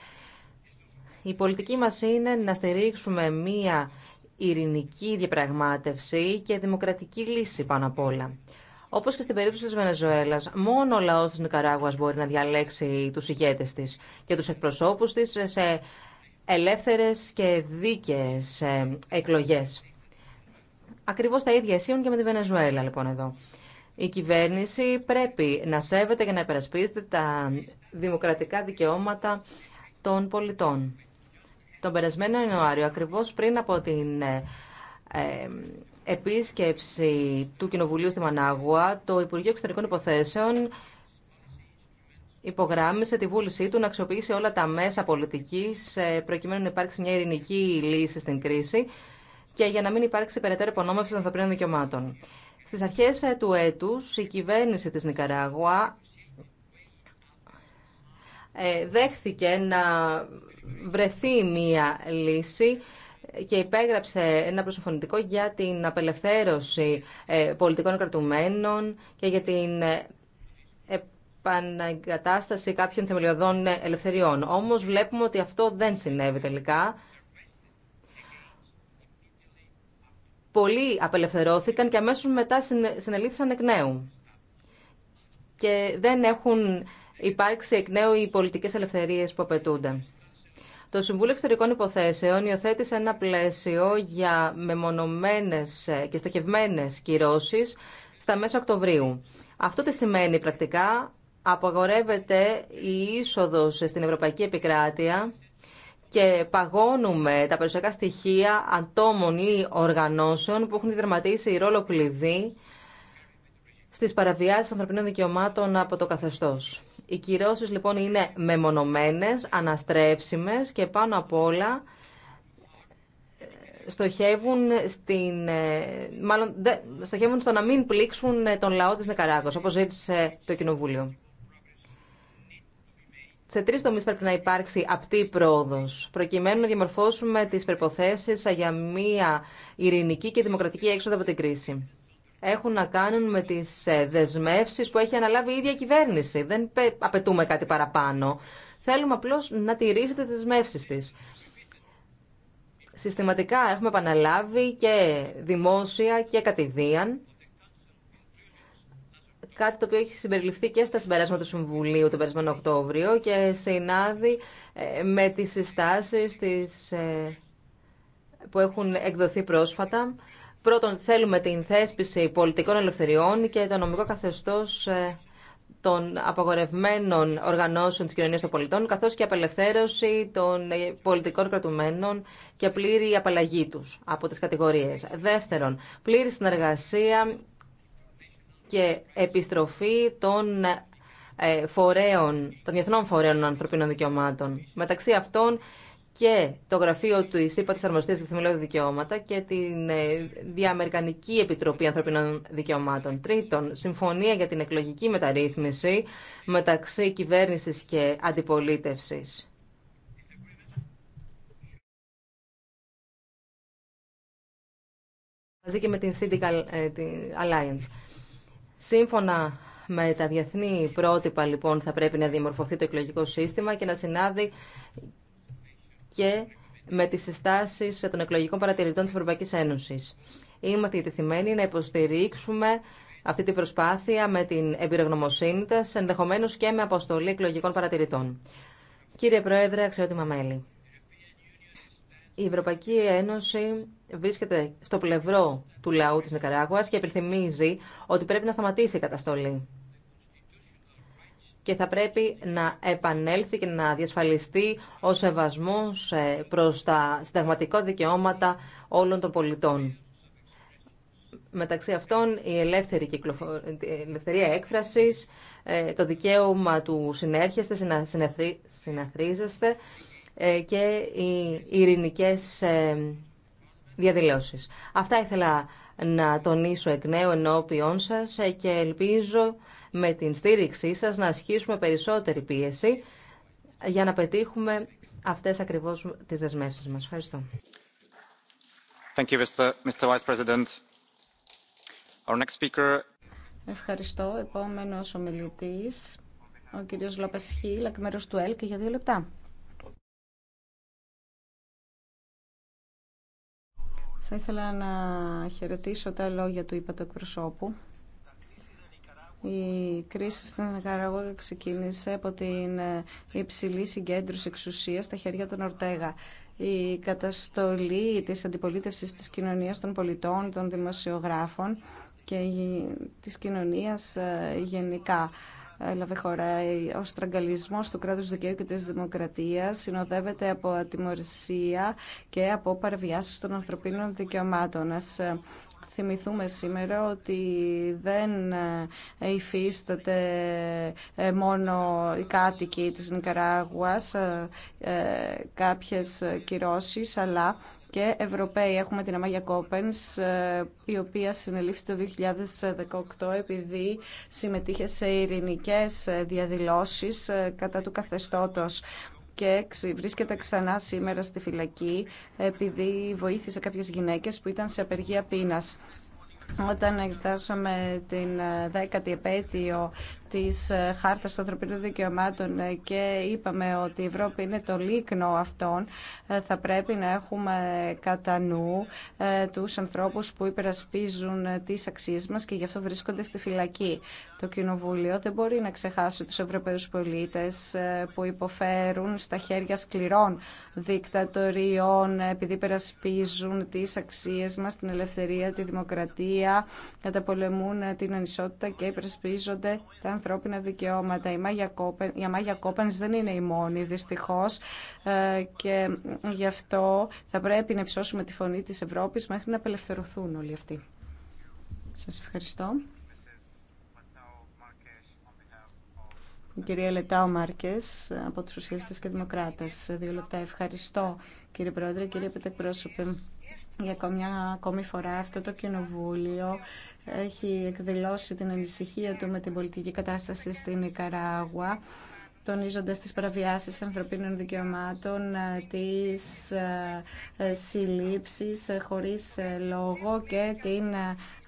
Η πολιτική μας είναι να στηρίξουμε μία ειρηνική διαπραγμάτευση και δημοκρατική λύση πάνω απ' όλα. Όπω και στην περίπτωση τη Βενεζουέλα, μόνο ο λαό τη Νικαράγουα μπορεί να διαλέξει του ηγέτε τη και του εκπροσώπου τη σε ελεύθερε και δίκαιε εκλογέ. Ακριβώ τα ίδια ισχύουν και με τη Βενεζουέλα, λοιπόν, εδώ. Η κυβέρνηση πρέπει να σέβεται και να υπερασπίζεται τα δημοκρατικά δικαιώματα των πολιτών τον περασμένο Ιανουάριο, ακριβώς πριν από την ε, επίσκεψη του Κοινοβουλίου στη Μανάγουα, το Υπουργείο Εξωτερικών Υποθέσεων υπογράμμισε τη βούλησή του να αξιοποιήσει όλα τα μέσα πολιτικής ε, προκειμένου να υπάρξει μια ειρηνική λύση στην κρίση και για να μην υπάρξει περαιτέρω υπονόμευση των ανθρωπίνων δικαιωμάτων. Στις αρχές ε, του έτους, η κυβέρνηση της Νικαράγουα ε, δέχθηκε να βρεθεί μία λύση και υπέγραψε ένα προσωφωνητικό για την απελευθέρωση ε, πολιτικών κρατουμένων και για την ε, επαναγκατάσταση κάποιων θεμελιωδών ελευθεριών. Όμως βλέπουμε ότι αυτό δεν συνέβη τελικά. Πολλοί απελευθερώθηκαν και αμέσως μετά συνελήθησαν εκ νέου. Και δεν έχουν υπάρξει εκ νέου οι πολιτικέ ελευθερίε που απαιτούνται. Το Συμβούλιο Εξωτερικών Υποθέσεων υιοθέτησε ένα πλαίσιο για μεμονωμένε και στοχευμένε κυρώσει στα μέσα Οκτωβρίου. Αυτό τι σημαίνει πρακτικά. Απαγορεύεται η είσοδο στην Ευρωπαϊκή Επικράτεια και παγώνουμε τα περιουσιακά στοιχεία ατόμων ή οργανώσεων που έχουν διδραματίσει ρόλο κλειδί στις παραβιάσεις ανθρωπινών δικαιωμάτων από το καθεστώς. Οι κυρώσεις λοιπόν είναι μεμονωμένες, αναστρέψιμες και πάνω απ' όλα ε, στοχεύουν, στην, ε, μάλλον, στοχεύουν στο να μην πλήξουν ε, τον λαό της Νεκαράκος, όπως ζήτησε το Κοινοβούλιο. Σε τρει τομείς πρέπει να υπάρξει απτή πρόοδος, προκειμένου να διαμορφώσουμε τις προποθέσει για μια ειρηνική και δημοκρατική έξοδο από την κρίση έχουν να κάνουν με τις ε, δεσμεύσει που έχει αναλάβει η ίδια κυβέρνηση. Δεν απαιτούμε κάτι παραπάνω. Θέλουμε απλώς να τηρήσει τις δεσμεύσει τη. Συστηματικά έχουμε επαναλάβει και δημόσια και κατηδίαν κάτι το οποίο έχει συμπεριληφθεί και στα συμπεράσματα του Συμβουλίου τον περασμένο Οκτώβριο και συνάδει ε, με τις συστάσεις ε, που έχουν εκδοθεί πρόσφατα Πρώτον, θέλουμε την θέσπιση πολιτικών ελευθεριών και το νομικό καθεστώς ε, των απαγορευμένων οργανώσεων της κοινωνίας των πολιτών, καθώς και απελευθέρωση των ε, πολιτικών κρατουμένων και πλήρη απαλλαγή τους από τις κατηγορίες. Δεύτερον, πλήρη συνεργασία και επιστροφή των ε, φορέων, των διεθνών φορέων ανθρωπίνων δικαιωμάτων. Μεταξύ αυτών και το γραφείο του ΙΣΥΠΑ της Αρμοστία για Θεμελιώδη Δικαιώματα και την ε, Διαμερικανική Επιτροπή Ανθρωπινών Δικαιωμάτων. Τρίτον, συμφωνία για την εκλογική μεταρρύθμιση μεταξύ κυβέρνησης και αντιπολίτευσης. Μαζί και με την Syndical ε, Alliance. Σύμφωνα με τα διεθνή πρότυπα, λοιπόν, θα πρέπει να διαμορφωθεί το εκλογικό σύστημα και να συνάδει και με τις συστάσεις των εκλογικών παρατηρητών της Ευρωπαϊκής Ένωσης. Είμαστε διατεθειμένοι να υποστηρίξουμε αυτή την προσπάθεια με την εμπειρογνωμοσύνη της, ενδεχομένως και με αποστολή εκλογικών παρατηρητών. Κύριε Πρόεδρε, αξιότιμα μέλη. Η Ευρωπαϊκή Ένωση βρίσκεται στο πλευρό του λαού της Νικαράγουας και επιθυμίζει ότι πρέπει να σταματήσει η καταστολή και θα πρέπει να επανέλθει και να διασφαλιστεί ο σεβασμός ε, προς τα συνταγματικά δικαιώματα όλων των πολιτών. Μεταξύ αυτών η ελεύθερη η ελευθερία έκφρασης, ε, το δικαίωμα του συνέρχεστε, συναθρίζεστε ε, και οι ειρηνικές διαδηλώσεις. Αυτά ήθελα να τονίσω εκ νέου ενώπιόν σας και ελπίζω με την στήριξή σας να ασχίσουμε περισσότερη πίεση για να πετύχουμε αυτές ακριβώς τις δεσμεύσεις μας. Ευχαριστώ. Thank you, Mr. Ευχαριστώ. Επόμενος ομιλητής, ο κύριος Λόπες Χίλ, εκ μέρους του ΕΛΚ, για δύο λεπτά. Θα ήθελα να χαιρετήσω τα λόγια του είπα του εκπροσώπου η κρίση στην Νικαραγώγα ξεκίνησε από την ε, υψηλή συγκέντρωση εξουσίας στα χέρια των Ορτέγα. Η καταστολή της αντιπολίτευσης της κοινωνίας των πολιτών, των δημοσιογράφων και της κοινωνίας ε, γενικά ε, έλαβε χώρα. Ο στραγγαλισμός του κράτους δικαίου και της δημοκρατίας συνοδεύεται από ατιμορρησία και από παραβιάσεις των ανθρωπίνων δικαιωμάτων θυμηθούμε σήμερα ότι δεν ε, υφίσταται ε, μόνο οι κάτοικοι της Νικαράγουας ε, κάποιες κυρώσεις, αλλά και Ευρωπαίοι. Έχουμε την Αμάγια Κόπενς, η οποία συνελήφθη το 2018 επειδή συμμετείχε σε ειρηνικές διαδηλώσεις κατά του καθεστώτος και βρίσκεται ξανά σήμερα στη φυλακή επειδή βοήθησε κάποιες γυναίκες που ήταν σε απεργία πείνας. Όταν εκτάσαμε την ε, δέκατη επέτειο τη ε, Χάρτα των Ανθρωπίνων Δικαιωμάτων ε, και είπαμε ότι η Ευρώπη είναι το λίκνο αυτών, ε, θα πρέπει να έχουμε κατά νου τους ανθρώπου που υπερασπίζουν τι αξίε μα και γι' αυτό βρίσκονται στη φυλακή. Το Κοινοβούλιο δεν μπορεί να ξεχάσει του Ευρωπαίου πολίτε που υποφέρουν στα χέρια σκληρών δικτατοριών επειδή υπερασπίζουν τι αξίε μα, την ελευθερία, τη δημοκρατία, καταπολεμούν την ανισότητα και υπερασπίζονται τα ανθρώπινα δικαιώματα. Η Μάγια Κόπενς δεν είναι η μόνη, δυστυχώς, ε, και γι' αυτό θα πρέπει να υψώσουμε τη φωνή της Ευρώπης μέχρι να απελευθερωθούν όλοι αυτοί. Σας ευχαριστώ. κυρία Λετάο Μάρκε από του Σοσιαλιστέ και Δημοκράτε. Δύο λεπτά. Ευχαριστώ κύριε Πρόεδρε, κύριε Πετεκπρόσωπε. Για μια ακόμη φορά αυτό το κοινοβούλιο έχει εκδηλώσει την ανησυχία του με την πολιτική κατάσταση στην Ικαράγουα τονίζοντας τις παραβιάσεις ανθρωπίνων δικαιωμάτων, τις ε, ε, συλλήψεις ε, χωρίς λόγο και την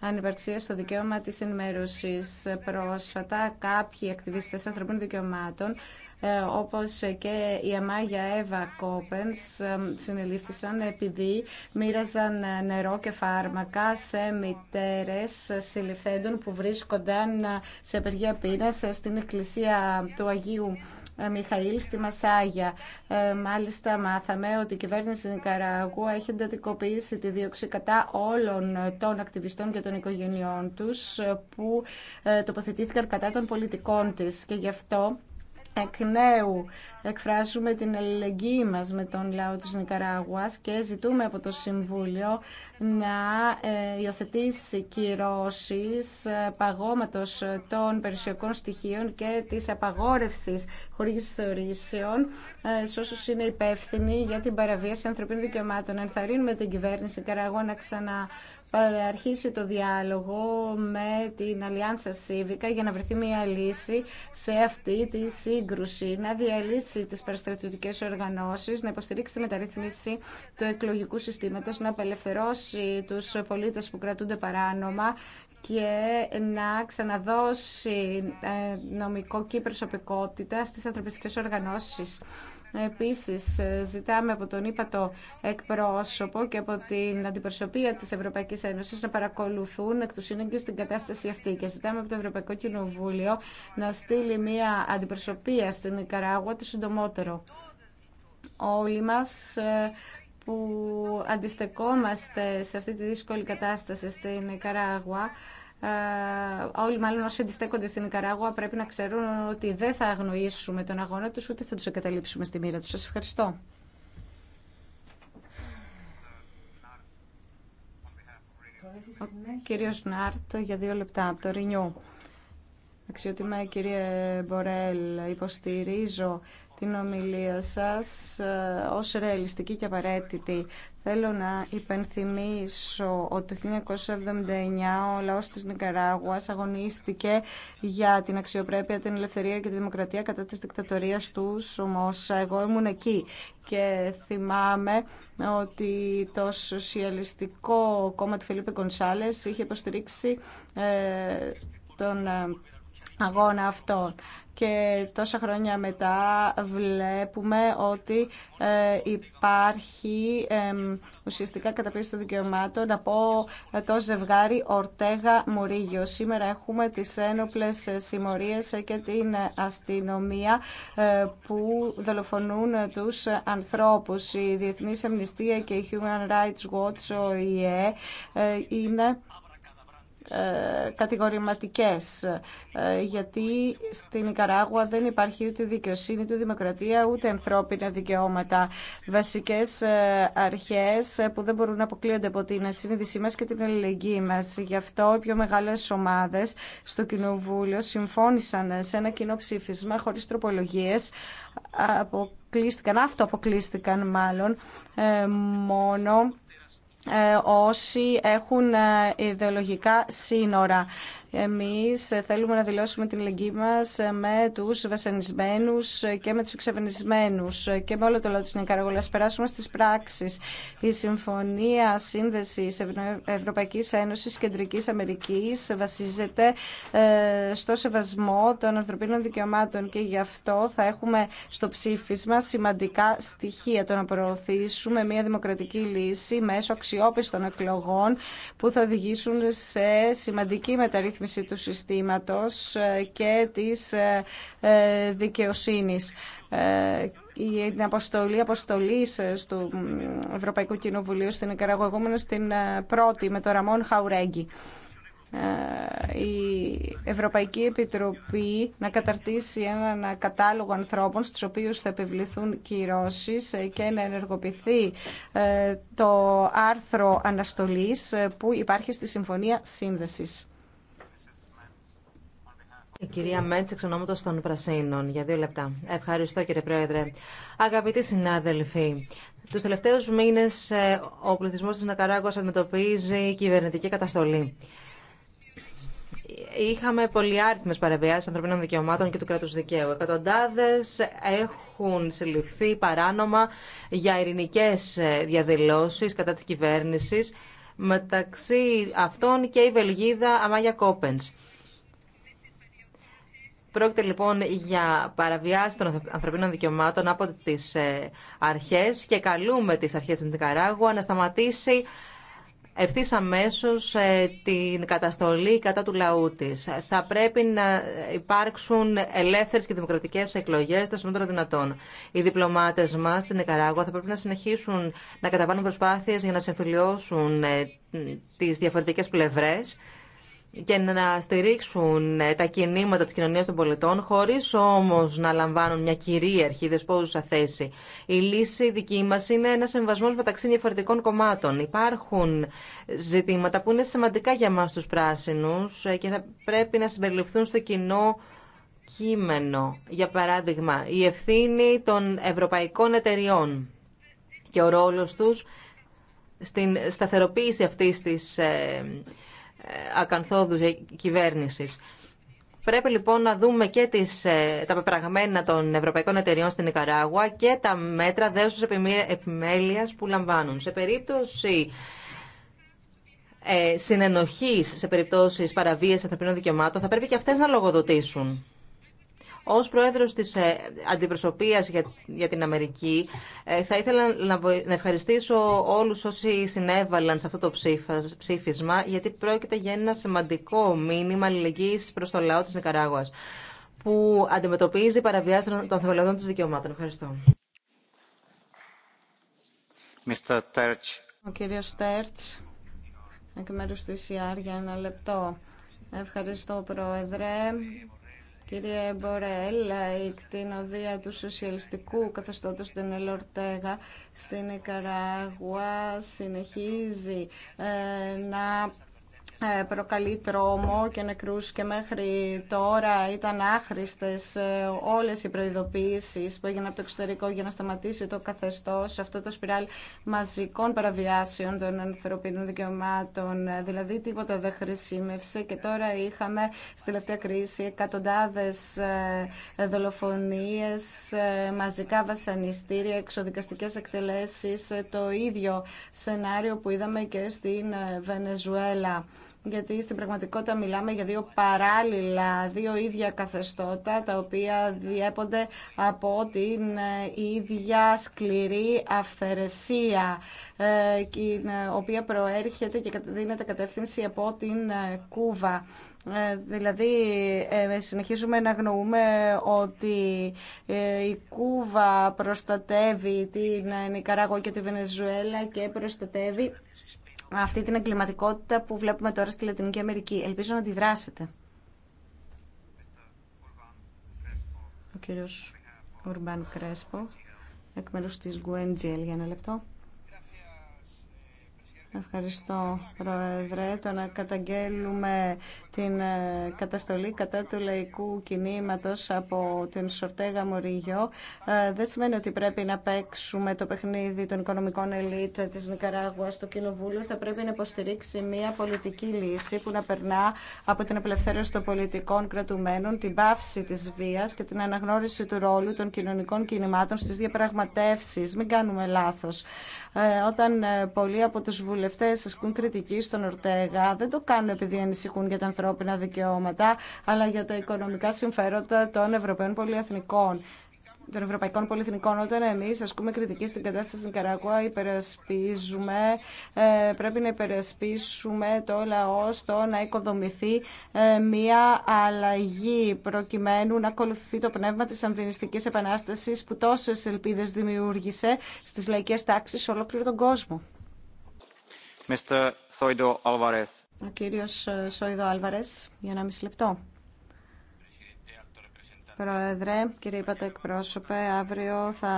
ανυπαρξία στο δικαίωμα της ενημέρωσης. Πρόσφατα κάποιοι ακτιβίστες ανθρωπίνων δικαιωμάτων ε, όπως και η Αμάγια Εύα Κόπενς ε, συνελήφθησαν επειδή μοίραζαν νερό και φάρμακα σε μητέρες συλληφθέντων που βρίσκονταν σε απεργία πείνας στην εκκλησία του Αγίου ε, Μιχαήλ στη Μασάγια. Ε, μάλιστα μάθαμε ότι η κυβέρνηση Νικαράγου έχει εντατικοποιήσει τη δίωξη κατά όλων ε, των ακτιβιστών και των οικογενειών τους που τοποθετήθηκαν κατά των πολιτικών της και γι' αυτό εκ νέου εκφράζουμε την αλληλεγγύη μας με τον λαό της Νικαράγουας και ζητούμε από το Συμβούλιο να ε, υιοθετήσει κυρώσεις ε, παγώματος των περιουσιακών στοιχείων και της απαγόρευσης χωρίς θεωρήσεων σε όσους είναι υπεύθυνοι για την παραβίαση ανθρωπίνων δικαιωμάτων. Ενθαρρύνουμε την κυβέρνηση Νικαράγουα να ξανά ε, αρχίσει το διάλογο με την Αλιάνσα Σίβικα για να βρεθεί μια λύση σε αυτή τη σύγκρουση, να διαλύσει τις παραστρατιωτικές οργανώσεις, να υποστηρίξει τη μεταρρύθμιση του εκλογικού συστήματος, να απελευθερώσει τους πολίτες που κρατούνται παράνομα και να ξαναδώσει ε, νομικό και προσωπικότητα στις ανθρωπιστικές οργανώσεις. Επίσης, ε, ζητάμε από τον ύπατο εκπρόσωπο και από την αντιπροσωπεία της Ευρωπαϊκής Ένωσης να παρακολουθούν εκ του σύνεγγυ στην κατάσταση αυτή και ζητάμε από το Ευρωπαϊκό Κοινοβούλιο να στείλει μια αντιπροσωπεία στην Ικαράγουα το συντομότερο. Όλοι μας ε, που αντιστεκόμαστε σε αυτή τη δύσκολη κατάσταση στην Ικαράγουα ε, όλοι μάλλον όσοι αντιστέκονται στην Ικαράγουα πρέπει να ξέρουν ότι δεν θα αγνοήσουμε τον αγώνα τους ούτε θα τους εγκαταλείψουμε στη μοίρα τους. Σας ευχαριστώ. Ο κύριος Νάρτ για δύο λεπτά το Ρινιού είμαι κύριε Μπορέλ, υποστηρίζω την ομιλία σας ε, ως ρεαλιστική και απαραίτητη. Θέλω να υπενθυμίσω ότι το 1979 ο λαός της Νικαράγουας αγωνίστηκε για την αξιοπρέπεια, την ελευθερία και τη δημοκρατία κατά της δικτατορίας του Σομόσα. Εγώ ήμουν εκεί και θυμάμαι ότι το Σοσιαλιστικό Κόμμα του Φελίπε Κονσάλες είχε υποστηρίξει ε, τον ε, αγώνα αυτών. Και τόσα χρόνια μετά βλέπουμε ότι ε, υπάρχει ουσιαστικά καταπίεση των δικαιωμάτων από ε, το ζευγάρι Ορτέγα Μουρίγιο. Σήμερα έχουμε τις ένοπλες ε, συμμορίες και την αστυνομία που δολοφονούν τους ανθρώπους. Η Διεθνής Αμνηστία και η Human Rights Watch, ο ΙΕ, είναι ε, κατηγορηματικές ε, γιατί στην Ικαράγουα δεν υπάρχει ούτε δικαιοσύνη, ούτε δημοκρατία, ούτε ανθρώπινα δικαιώματα. Βασικές ε, αρχές που δεν μπορούν να αποκλείονται από την συνείδησή μας και την αλληλεγγύη μας. Γι' αυτό οι πιο μεγάλες ομάδες στο Κοινοβούλιο συμφώνησαν σε ένα κοινό ψήφισμα χωρίς τροπολογίες αποκλείστηκαν, αυτοαποκλείστηκαν μάλλον μόνο ε, όσοι έχουν ε, ιδεολογικά σύνορα. Εμείς θέλουμε να δηλώσουμε την ελεγγύη μας με τους βασανισμένους και με τους εξαφανισμένους και με όλο το λαό της Νικαραγωγής. Περάσουμε στις πράξεις. Η Συμφωνία Σύνδεσης Ευρωπαϊκής Ένωσης Κεντρικής Αμερικής βασίζεται ε, στο σεβασμό των ανθρωπίνων δικαιωμάτων και γι' αυτό θα έχουμε στο ψήφισμα σημαντικά στοιχεία το να προωθήσουμε μια δημοκρατική λύση μέσω αξιόπιστων εκλογών που θα οδηγήσουν σε σημαντική μεταρρύθμιση του συστήματος ε, και της ε, ε, δικαιοσύνης Η αποστολή αποστολή του Ευρωπαϊκού Κοινοβουλίου στην Ικαραγωγούμενη στην πρώτη με τον Ραμόν Χαουρέγγι. Η Ευρωπαϊκή Επιτροπή να καταρτήσει έναν κατάλογο ανθρώπων στους οποίους θα επιβληθούν κυρώσεις και να ενεργοποιηθεί το άρθρο αναστολής που υπάρχει στη Συμφωνία Σύνδεσης. Η κυρία Μέντς, εξ των Πρασίνων, για δύο λεπτά. Ευχαριστώ κύριε Πρόεδρε. Αγαπητοί συνάδελφοι, τους τελευταίους μήνες ε, ο πληθυσμός της Νακαράγκος αντιμετωπίζει κυβερνητική καταστολή. Είχαμε πολυάριθμες παρεμβιάσεις ανθρωπίνων δικαιωμάτων και του κράτους δικαίου. Εκατοντάδες έχουν συλληφθεί παράνομα για ειρηνικές ε, διαδηλώσεις κατά της κυβέρνησης, μεταξύ αυτών και η Βελγίδα Αμάγια Κόπενς. Πρόκειται λοιπόν για παραβιάση των ανθρωπίνων δικαιωμάτων από τις ε, αρχές και καλούμε τις αρχές της Νικαράγουα να σταματήσει ευθύ αμέσω ε, την καταστολή κατά του λαού τη. Θα πρέπει να υπάρξουν ελεύθερε και δημοκρατικέ εκλογέ το σύντομα δυνατόν. Οι διπλωμάτε μα στην Νικαράγουα θα πρέπει να συνεχίσουν να καταβάλουν προσπάθειε για να συμφιλειώσουν ε, τι διαφορετικέ πλευρέ και να στηρίξουν ε, τα κινήματα της κοινωνίας των πολιτών, χωρίς όμως να λαμβάνουν μια κυρίαρχη δεσπόζουσα θέση. Η λύση δική μας είναι ένα συμβασμός μεταξύ διαφορετικών κομμάτων. Υπάρχουν ζητήματα που είναι σημαντικά για μας τους πράσινους ε, και θα πρέπει να συμπεριληφθούν στο κοινό κείμενο. Για παράδειγμα, η ευθύνη των ευρωπαϊκών εταιριών και ο ρόλος τους στην σταθεροποίηση αυτής της ε, ακανθόδους ε, κυβέρνησης. Πρέπει λοιπόν να δούμε και τις, ε, τα πεπραγμένα των ευρωπαϊκών εταιριών στην Νικαράγουα και τα μέτρα δέσους επιμέλειας που λαμβάνουν. Σε περίπτωση ε, συνενοχής, σε περίπτωση παραβίας ανθρωπίνων δικαιωμάτων, θα πρέπει και αυτές να λογοδοτήσουν. Ως Πρόεδρος της ε, Αντιπροσωπείας για την Αμερική ε, θα ήθελα να ευχαριστήσω όλους όσοι συνέβαλαν σε αυτό το ψήφισμα γιατί πρόκειται για ένα σημαντικό μήνυμα αλληλεγγύη προς το λαό της Νικαράγουα, που αντιμετωπίζει παραβιάσεις των θεμελιωδών του δικαιωμάτων. Ευχαριστώ. Mr. Terch. Ο κύριος Τέρτ, εκ του ΙΣΙΑΡ, e για ένα λεπτό. Ευχαριστώ, Πρόεδρε. Κύριε Μπορέλα, η κτηνοδία του σοσιαλιστικού καθεστώτος την ελορτέγα στην Ικαράγουα συνεχίζει ε, να ε, προκαλεί τρόμο και νεκρούς και μέχρι τώρα ήταν άχρηστες ε, όλες οι προειδοποίησεις που έγιναν από το εξωτερικό για να σταματήσει το καθεστώς αυτό το σπιράλ μαζικών παραβιάσεων των ανθρωπίνων δικαιωμάτων ε, δηλαδή τίποτα δεν χρησιμεύσε και τώρα είχαμε στη τελευταία κρίση εκατοντάδες δολοφονίες μαζικά βασανιστήρια εξοδικαστικές εκτελέσεις το ίδιο σενάριο που είδαμε και στην Βενεζουέλα γιατί στην πραγματικότητα μιλάμε για δύο παράλληλα, δύο ίδια καθεστώτα, τα οποία διέπονται από την ε, ίδια σκληρή αυθαιρεσία, η ε, ε, οποία προέρχεται και δίνεται κατεύθυνση από την Κούβα. Δηλαδή, συνεχίζουμε να γνωρούμε ότι η Κούβα προστατεύει την Νικαράγουα και τη Βενεζουέλα και προστατεύει αυτή την εγκληματικότητα που βλέπουμε τώρα στη Λατινική Αμερική. Ελπίζω να αντιδράσετε. Ο κύριος Ορμπάν Κρέσπο, εκ μέρους της Γκουέντζιελ, για ένα λεπτό. Ευχαριστώ, Πρόεδρε. Το να καταγγέλουμε την ε, καταστολή κατά του λαϊκού κινήματος από την Σορτέγα Μωρίγιο ε, δεν σημαίνει ότι πρέπει να παίξουμε το παιχνίδι των οικονομικών ελίτ της Νικαράγουα στο Κοινοβούλιο θα πρέπει να υποστηρίξει μια πολιτική λύση που να περνά από την απελευθέρωση των πολιτικών κρατουμένων, την πάυση της βίας και την αναγνώριση του ρόλου των κοινωνικών κινημάτων στις διαπραγματεύσεις. Μην κάνουμε λάθος. Ε, όταν ε, πολλοί από τους βουλευτές ασκούν κριτική στον Ορτέγα δεν το κάνουν επειδή ανησυχούν για τα ανθρώπινα δικαιώματα αλλά για τα οικονομικά συμφέροντα των Ευρωπαίων πολυεθνικών των Ευρωπαϊκών Πολυεθνικών, όταν εμεί ασκούμε κριτική στην κατάσταση στην Καράκουα, υπερασπίζουμε, ε, πρέπει να υπερασπίσουμε το λαό στο να οικοδομηθεί ε, μια αλλαγή προκειμένου να ακολουθεί το πνεύμα τη Ανδυνιστική Επανάσταση που τόσε ελπίδε δημιούργησε στι λαϊκέ τάξει σε ολόκληρο τον κόσμο. Mr. Ο κύριος Σόιδο ε, Άλβαρες, για ένα μισή λεπτό. Πρόεδρε, κύριε είπατε εκπρόσωπε, αύριο θα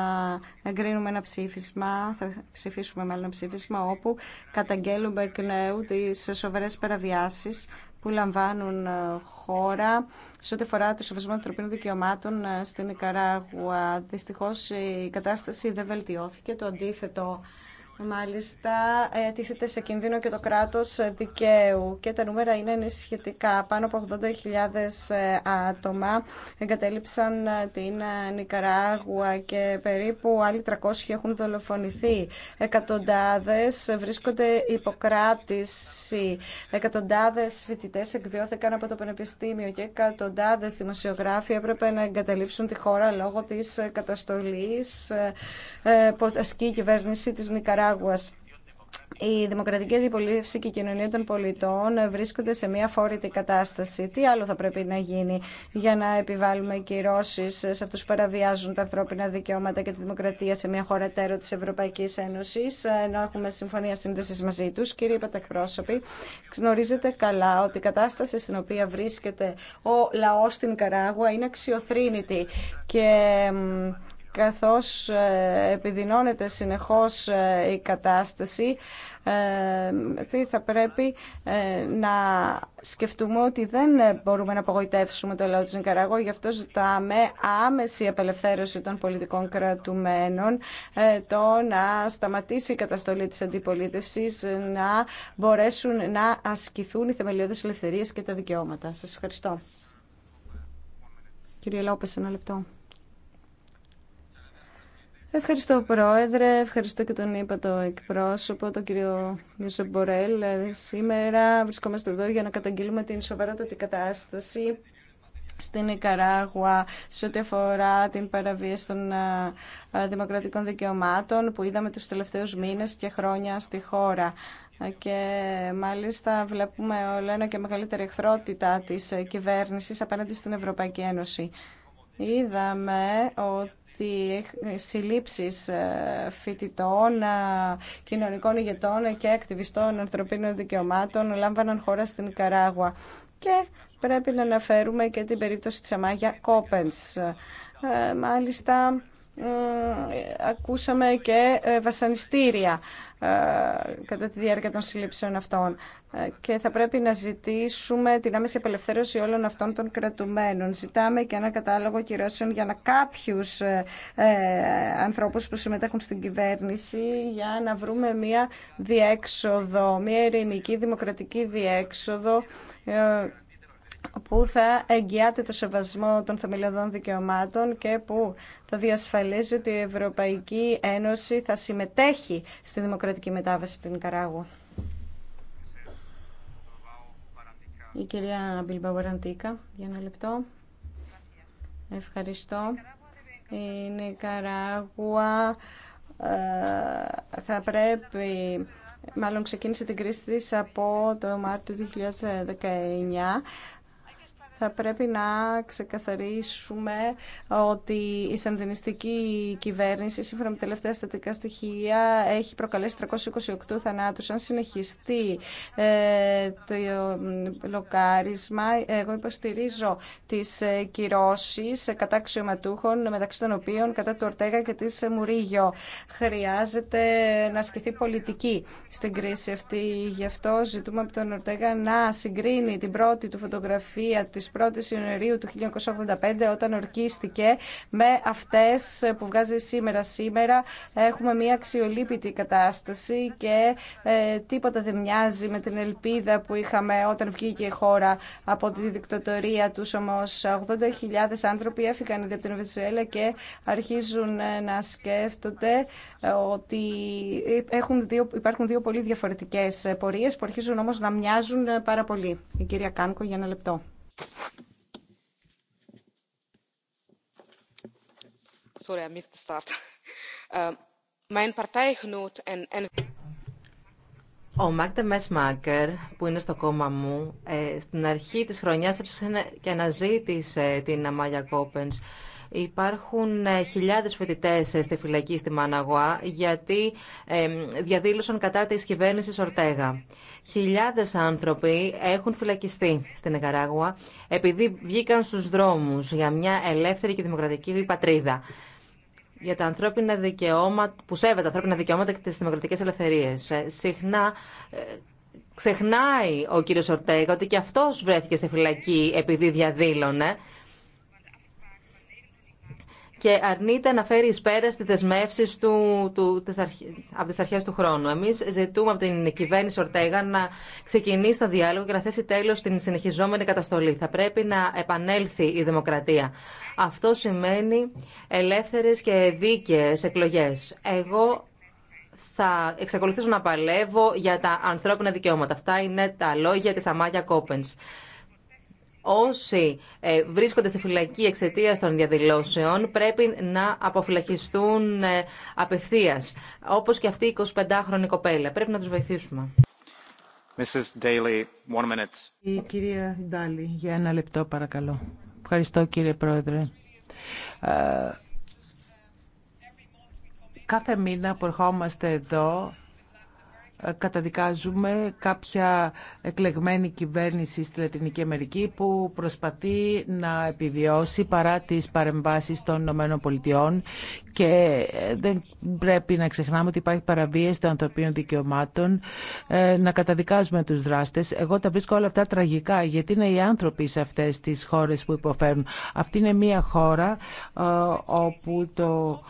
εγκρίνουμε ένα ψήφισμα, θα ψηφίσουμε μάλλον ένα ψήφισμα όπου καταγγέλουμε εκ νέου τις σοβαρές παραβιάσεις που λαμβάνουν ε, χώρα σε ό,τι αφορά το σεβασμό ανθρωπίνων δικαιωμάτων ε, στην Ικαράγουα. Δυστυχώς η κατάσταση δεν βελτιώθηκε, το αντίθετο Μάλιστα, ε, τίθεται σε κίνδυνο και το κράτος δικαίου και τα νούμερα είναι ενισχυτικά. Πάνω από 80.000 ε, άτομα εγκατέλειψαν ε, την Νικαράγουα και περίπου άλλοι 300 έχουν δολοφονηθεί. Εκατοντάδες βρίσκονται υποκράτηση. Εκατοντάδες φοιτητέ, εκδιώθηκαν από το Πανεπιστήμιο και εκατοντάδες δημοσιογράφοι έπρεπε να εγκαταλείψουν τη χώρα λόγω της καταστολής που ασκεί η κυβέρνηση της Νικαράγουα η δημοκρατική αντιπολίτευση και η κοινωνία των πολιτών βρίσκονται σε μια φόρητη κατάσταση. Τι άλλο θα πρέπει να γίνει για να επιβάλλουμε κυρώσει σε αυτού που παραβιάζουν τα ανθρώπινα δικαιώματα και τη δημοκρατία σε μια χώρα τέρο τη Ευρωπαϊκή Ένωση, ενώ έχουμε συμφωνία σύνδεση μαζί του. Κύριε Πατακπρόσωπη, γνωρίζετε καλά ότι η κατάσταση στην οποία βρίσκεται ο λαό στην Καράγουα είναι αξιοθρύνητη. Και καθώς ε, επιδεινώνεται συνεχώς ε, η κατάσταση, ε, τι θα πρέπει να σκεφτούμε ότι δεν μπορούμε να απογοητεύσουμε το λαό της Νικαραγώ, γι' αυτό ζητάμε άμεση απελευθέρωση των πολιτικών κρατουμένων, το να σταματήσει η καταστολή της αντιπολίτευσης, να μπορέσουν να ασκηθούν οι θεμελιώδεις ελευθερίες και τα δικαιώματα. Σας ευχαριστώ. Κύριε Λόπες, ένα λεπτό. Ευχαριστώ Πρόεδρε, ευχαριστώ και τον είπα το εκπρόσωπο, τον κύριο Μιζομπορέλ. Σήμερα βρισκόμαστε εδώ για να καταγγείλουμε την σοβαρότατη κατάσταση στην Ικαράγουα σε ό,τι αφορά την παραβίαση των δημοκρατικών δικαιωμάτων που είδαμε τους τελευταίους μήνες και χρόνια στη χώρα και μάλιστα βλέπουμε όλο ένα και μεγαλύτερη εχθρότητα της κυβέρνησης απέναντι στην Ευρωπαϊκή Ένωση. Είδαμε ότι ότι συλλήψεις ε, φοιτητών, ε, κοινωνικών ηγετών και ακτιβιστών ανθρωπίνων δικαιωμάτων λάμβαναν χώρα στην Καράγουα. Και πρέπει να αναφέρουμε και την περίπτωση της Αμάγια Κόπενς. Ε, μάλιστα, ακούσαμε και βασανιστήρια κατά τη διάρκεια των συλλήψεων αυτών. Ε, και θα πρέπει να ζητήσουμε την άμεση απελευθέρωση όλων αυτών των κρατουμένων. Ζητάμε και ένα κατάλογο κυρώσεων για να κάποιους ε, ε, ανθρώπους που συμμετέχουν στην κυβέρνηση για να βρούμε μια διέξοδο, μια ειρηνική δημοκρατική διέξοδο που θα εγγυάται το σεβασμό των θεμελιωδών δικαιωμάτων και που θα διασφαλίζει ότι η Ευρωπαϊκή Ένωση θα συμμετέχει στη δημοκρατική μετάβαση στην Καράγου. Η κυρία Μπιλμπαουεραντίκα, για ένα λεπτό. Ευχαριστώ. Η Νικαράγουα ε, θα πρέπει μάλλον ξεκίνησε την κρίση της από το Μάρτιο του 2019 θα πρέπει να ξεκαθαρίσουμε ότι η σανδινιστική κυβέρνηση, σύμφωνα με τελευταία στατικά στοιχεία, έχει προκαλέσει 328 θανάτους. Αν συνεχιστεί ε, το λοκάρισμα, εγώ υποστηρίζω τις ε, κυρώσεις κατά αξιωματούχων, μεταξύ των οποίων κατά του Ορτέγα και της ε, Μουρίγιο. Χρειάζεται να ασκηθεί πολιτική στην κρίση αυτή. Γι' αυτό ζητούμε από τον Ορτέγα να συγκρίνει την πρώτη του φωτογραφία της 1η Ιανουαρίου του 1985 όταν ορκίστηκε με αυτές που βγάζει σήμερα. Σήμερα έχουμε μια αξιολύπητη κατάσταση και ε, τίποτα δεν μοιάζει με την ελπίδα που είχαμε όταν βγήκε η χώρα από τη δικτατορία του όμως 80.000 άνθρωποι έφυγαν από την Βεζουέλα και αρχίζουν ε, να σκέφτονται ε, ότι έχουν δύο, υπάρχουν δύο πολύ διαφορετικές πορείες που αρχίζουν όμως να μοιάζουν πάρα πολύ. Η κυρία Κάνκο για ένα λεπτό. Uh, Ο Μάρτε Μέσμακερ, που είναι στο κόμμα μου, ε, στην αρχή της χρονιάς έψαξε και αναζήτησε την Αμάλια Κόπενς Υπάρχουν ε, χιλιάδες φοιτητές ε, στη φυλακή στη Μαναγουά γιατί διαδήλωσαν κατά της κυβέρνησης Ορτέγα. Χιλιάδες άνθρωποι έχουν φυλακιστεί στην Εγκαράγουα επειδή βγήκαν στους δρόμους για μια ελεύθερη και δημοκρατική πατρίδα για τα ανθρώπινα δικαιώματα, που σέβεται τα ανθρώπινα δικαιώματα και τι δημοκρατικέ ελευθερίε. Ε, συχνά ξεχνάει ο κύριος Ορτέγα ότι και αυτός βρέθηκε στη φυλακή επειδή διαδήλωνε και αρνείται να φέρει εις πέρα στις δεσμεύσεις του, του, της από τις αρχές του χρόνου. Εμείς ζητούμε από την κυβέρνηση Ορτέγα να ξεκινήσει το διάλογο και να θέσει τέλος στην συνεχιζόμενη καταστολή. Θα πρέπει να επανέλθει η δημοκρατία. Αυτό σημαίνει ελεύθερες και δίκαιες εκλογές. Εγώ θα εξακολουθήσω να παλεύω για τα ανθρώπινα δικαιώματα. Αυτά είναι τα λόγια της Αμάγια Κόπενς όσοι ε, βρίσκονται στη φυλακή εξαιτία των διαδηλώσεων πρέπει να αποφυλακιστούν ε, απευθεία, όπως και αυτή η 25χρονη κοπέλα. Πρέπει να τους βοηθήσουμε. Mrs. Daly, one minute. κυρία για ένα λεπτό παρακαλώ. Ευχαριστώ κύριε Πρόεδρε. Ε, κάθε μήνα που ερχόμαστε εδώ καταδικάζουμε κάποια εκλεγμένη κυβέρνηση στη Λατινική Αμερική που προσπαθεί να επιβιώσει παρά τις παρεμβάσεις των Ηνωμένων Πολιτειών και δεν πρέπει να ξεχνάμε ότι υπάρχει παραβίαση των ανθρωπίνων δικαιωμάτων ε, να καταδικάζουμε τους δράστες. Εγώ τα βρίσκω όλα αυτά τραγικά γιατί είναι οι άνθρωποι σε αυτές τις χώρες που υποφέρουν. Αυτή είναι μια χώρα ε, όπου το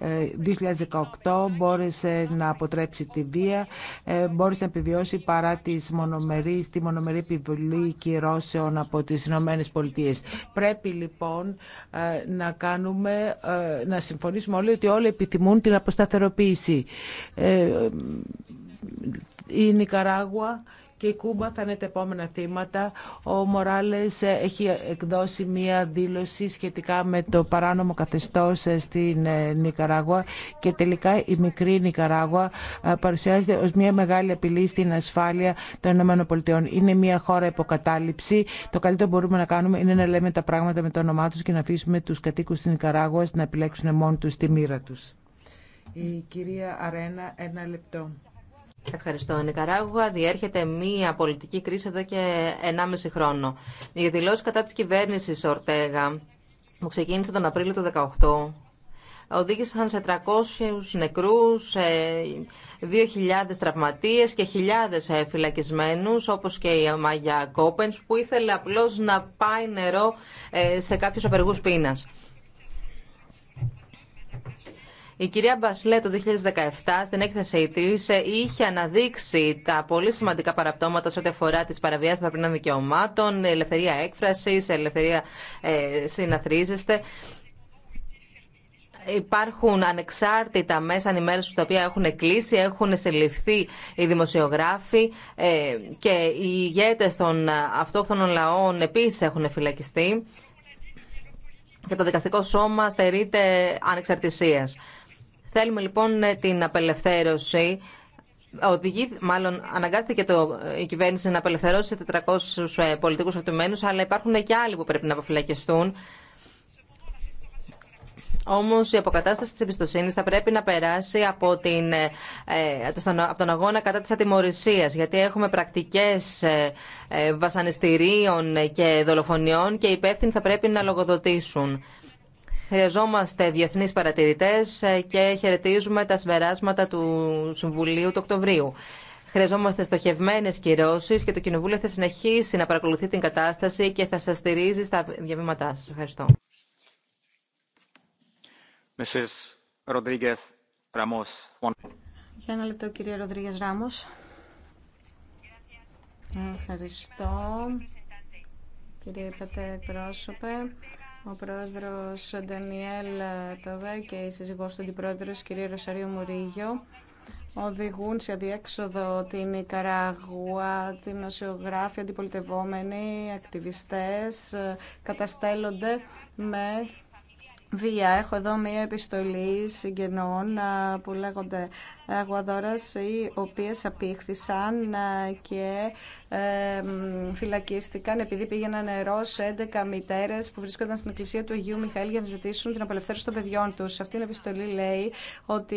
2018 ε, μπόρεσε να αποτρέψει τη βία, ε, μπόρεσε να επιβιώσει παρά τις μονομερείς, τη μονομερή επιβολή κυρώσεων από τις Ηνωμένε Πολιτείε. Πρέπει λοιπόν ε, να κάνουμε, να συμφωνήσουμε όλοι ότι όλοι επιθυμούν την αποσταθεροποίηση. Η Νικαράγουα και η Κούμπα θα είναι τα επόμενα θύματα. Ο Μοράλε έχει εκδώσει μία δήλωση σχετικά με το παράνομο Καθεστώ στην ε, Νικαράγουα και τελικά η μικρή Νικαράγουα ε, παρουσιάζεται ω μία μεγάλη απειλή στην ασφάλεια των ΗΠΑ. Είναι μία χώρα υποκατάληψη. Το καλύτερο που μπορούμε να κάνουμε είναι να λέμε τα πράγματα με το όνομά του και να αφήσουμε του κατοίκου τη Νικαράγουα να επιλέξουν μόνο του τη μοίρα του. Η κυρία Αρένα, ένα λεπτό. Ευχαριστώ. Η Νικαράγουα διέρχεται μία πολιτική κρίση εδώ και 1,5 χρόνο. Οι δηλώσει κατά τη κυβέρνηση Ορτέγα, που ξεκίνησε τον Απρίλιο του 2018, οδήγησαν σε 300 νεκρούς, 2.000 τραυματίε και χιλιάδες φυλακισμένου, όπως και η Μάγια Κόπεν, που ήθελε απλώς να πάει νερό ε, σε κάποιου απεργού πείνα. Η κυρία Μπασλέ το 2017 στην έκθεσή τη ε, είχε αναδείξει τα πολύ σημαντικά παραπτώματα σε ό,τι αφορά τι παραβιάσει των ανθρωπίνων δικαιωμάτων, ελευθερία έκφραση, ελευθερία ε, συναθρίζεστε υπάρχουν ανεξάρτητα μέσα ενημέρωση τα οποία έχουν κλείσει, έχουν συλληφθεί οι δημοσιογράφοι ε, και οι ηγέτε των αυτόχθονων λαών επίση έχουν φυλακιστεί και το δικαστικό σώμα στερείται ανεξαρτησίας. Θέλουμε λοιπόν την απελευθέρωση. Οδηγεί, μάλλον αναγκάστηκε το, η κυβέρνηση να απελευθερώσει 400 ε, πολιτικούς αυτομένους, αλλά υπάρχουν και άλλοι που πρέπει να αποφυλακιστούν. Όμω η αποκατάσταση τη εμπιστοσύνη θα πρέπει να περάσει από, την, ε, ε, από τον αγώνα κατά τη ατιμορρησία. Γιατί έχουμε πρακτικέ βασανιστήριων και δολοφονιών και οι υπεύθυνοι θα πρέπει να λογοδοτήσουν. Χρειαζόμαστε διεθνείς παρατηρητές ε, και χαιρετίζουμε τα συμπεράσματα του Συμβουλίου του Οκτωβρίου. Χρειαζόμαστε στοχευμένε κυρώσει και το Κοινοβούλιο θα συνεχίσει να παρακολουθεί την κατάσταση και θα σα στηρίζει στα διαβήματά σα. Ευχαριστώ. Για ένα λεπτό, κύριε Ροδρίγε Ράμο. Ευχαριστώ. Κύριε Πατέ, πρόσωπε ο πρόεδρο Ντανιέλ Τοβέ και η σύζυγό του αντιπρόεδρος κυρία Ρωσαρίου Μουρίγιο οδηγούν σε αδιέξοδο την Ικαράγουα, την νοσιογράφη, αντιπολιτευόμενοι, ακτιβιστές, καταστέλλονται με Βία. Έχω εδώ μία επιστολή συγγενών που λέγονται Αγουαδόρας, οι οποίες απήχθησαν και ε, φυλακίστηκαν επειδή πήγαιναν νερό σε 11 μητέρες που βρίσκονταν στην εκκλησία του Αγίου Μιχαήλ για να ζητήσουν την απελευθέρωση των παιδιών τους. Σε αυτήν την επιστολή λέει ότι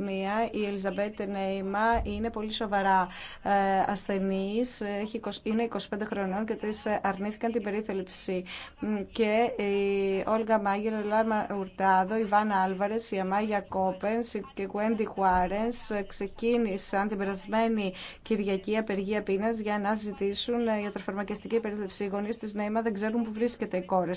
μία, η Ελιζαμπέτ Νέιμα είναι πολύ σοβαρά ε, ασθενής, είναι 25 χρονών και της αρνήθηκαν την περίθελψη. Και η Όλγα Μάγερ Σολάρμα Ουρτάδο, Ιβάν Άλβαρε, η Αμάγια Κόπεν και η Γουέντι Χουάρεν ξεκίνησαν την περασμένη Κυριακή απεργία πείνα για να ζητήσουν για φαρμακευτική περίληψη. Οι γονεί τη Νέιμα δεν ξέρουν που βρίσκεται η κόρη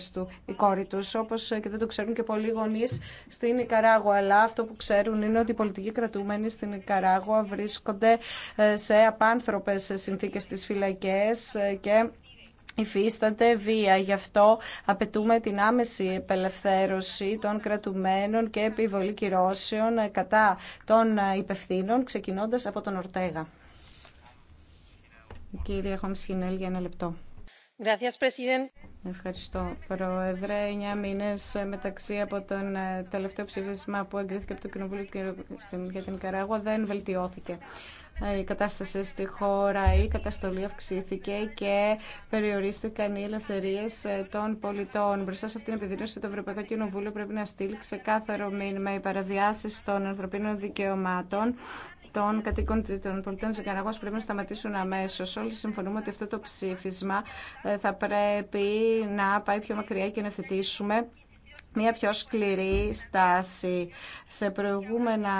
του, τους, όπω και δεν το ξέρουν και πολλοί γονεί στην Νικαράγουα. Αλλά αυτό που ξέρουν είναι ότι οι πολιτικοί κρατούμενοι στην Νικαράγουα βρίσκονται ε, σε απάνθρωπε συνθήκε στι φυλακέ ε, και υφίσταται βία. Γι' αυτό απαιτούμε την άμεση επελευθέρωση των κρατουμένων και επιβολή κυρώσεων κατά των υπευθύνων, ξεκινώντας από τον Ορτέγα. Κύριε Χομσχινέλ, για ένα λεπτό. Ευχαριστώ, Πρόεδρε. Εννιά μήνε μεταξύ από τον ε, τελευταίο ψήφισμα που εγκρίθηκε από το Κοινοβούλιο για την Καράγουα δεν βελτιώθηκε. Ε, η κατάσταση στη χώρα, η καταστολή αυξήθηκε και περιορίστηκαν οι ελευθερίε ε, των πολιτών. Μπροστά σε αυτήν την επιδείνωση, το Ευρωπαϊκό Κοινοβούλιο πρέπει να στείλει ξεκάθαρο μήνυμα οι παραβιάσει των ανθρωπίνων δικαιωμάτων των κατοίκων των πολιτών τη Νικαραγουά πρέπει να σταματήσουν αμέσω. Όλοι συμφωνούμε ότι αυτό το ψήφισμα ε, θα πρέπει να πάει πιο μακριά και να θετήσουμε μια πιο σκληρή στάση. Σε προηγούμενα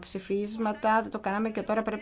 ψηφίσματα το κάναμε και τώρα πρέπει